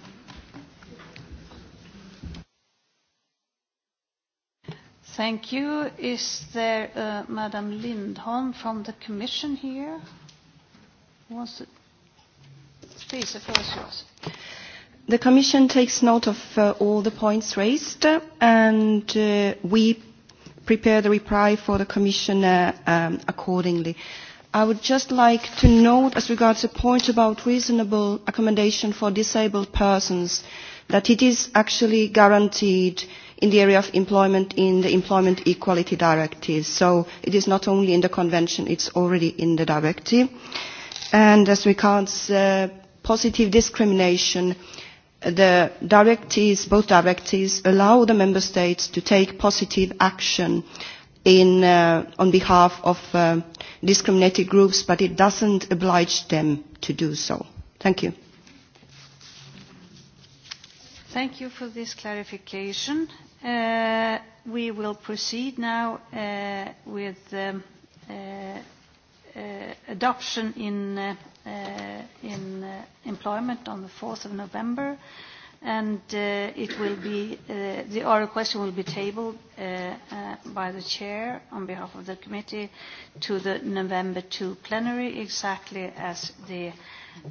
Thank you. Is there uh, Madame Lindholm from the Commission here? Was it? Please, the floor is yours. The Commission takes note of uh, all the points raised and uh, we prepare the reply for the Commissioner um, accordingly. I would just like to note as regards the point about reasonable accommodation for disabled persons that it is actually guaranteed in the area of employment in the Employment Equality Directive. So it is not only in the Convention, it's already in the Directive. And as regards uh, positive discrimination, uh, the directives, both directives, allow the member states to take positive action in, uh, on behalf of uh, discriminated groups, but it doesn't oblige them to do so. Thank you. Thank you for this clarification. Uh, we will proceed now uh, with um, uh, uh, adoption in uh, uh, in uh, employment on the 4th of November. And uh, it will be, uh, the oral question will be tabled uh, uh, by the chair on behalf of the committee to the November 2 plenary, exactly as the,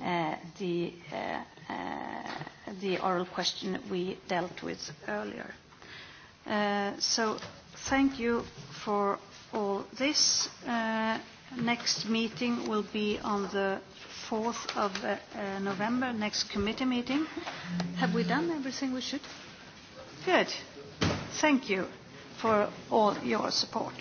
uh, the, uh, uh, the oral question we dealt with earlier. Uh, so thank you for all this. Uh, next meeting will be on the 4th of uh, uh, November, next committee meeting. Have we done everything we should? Good. Thank you for all your support.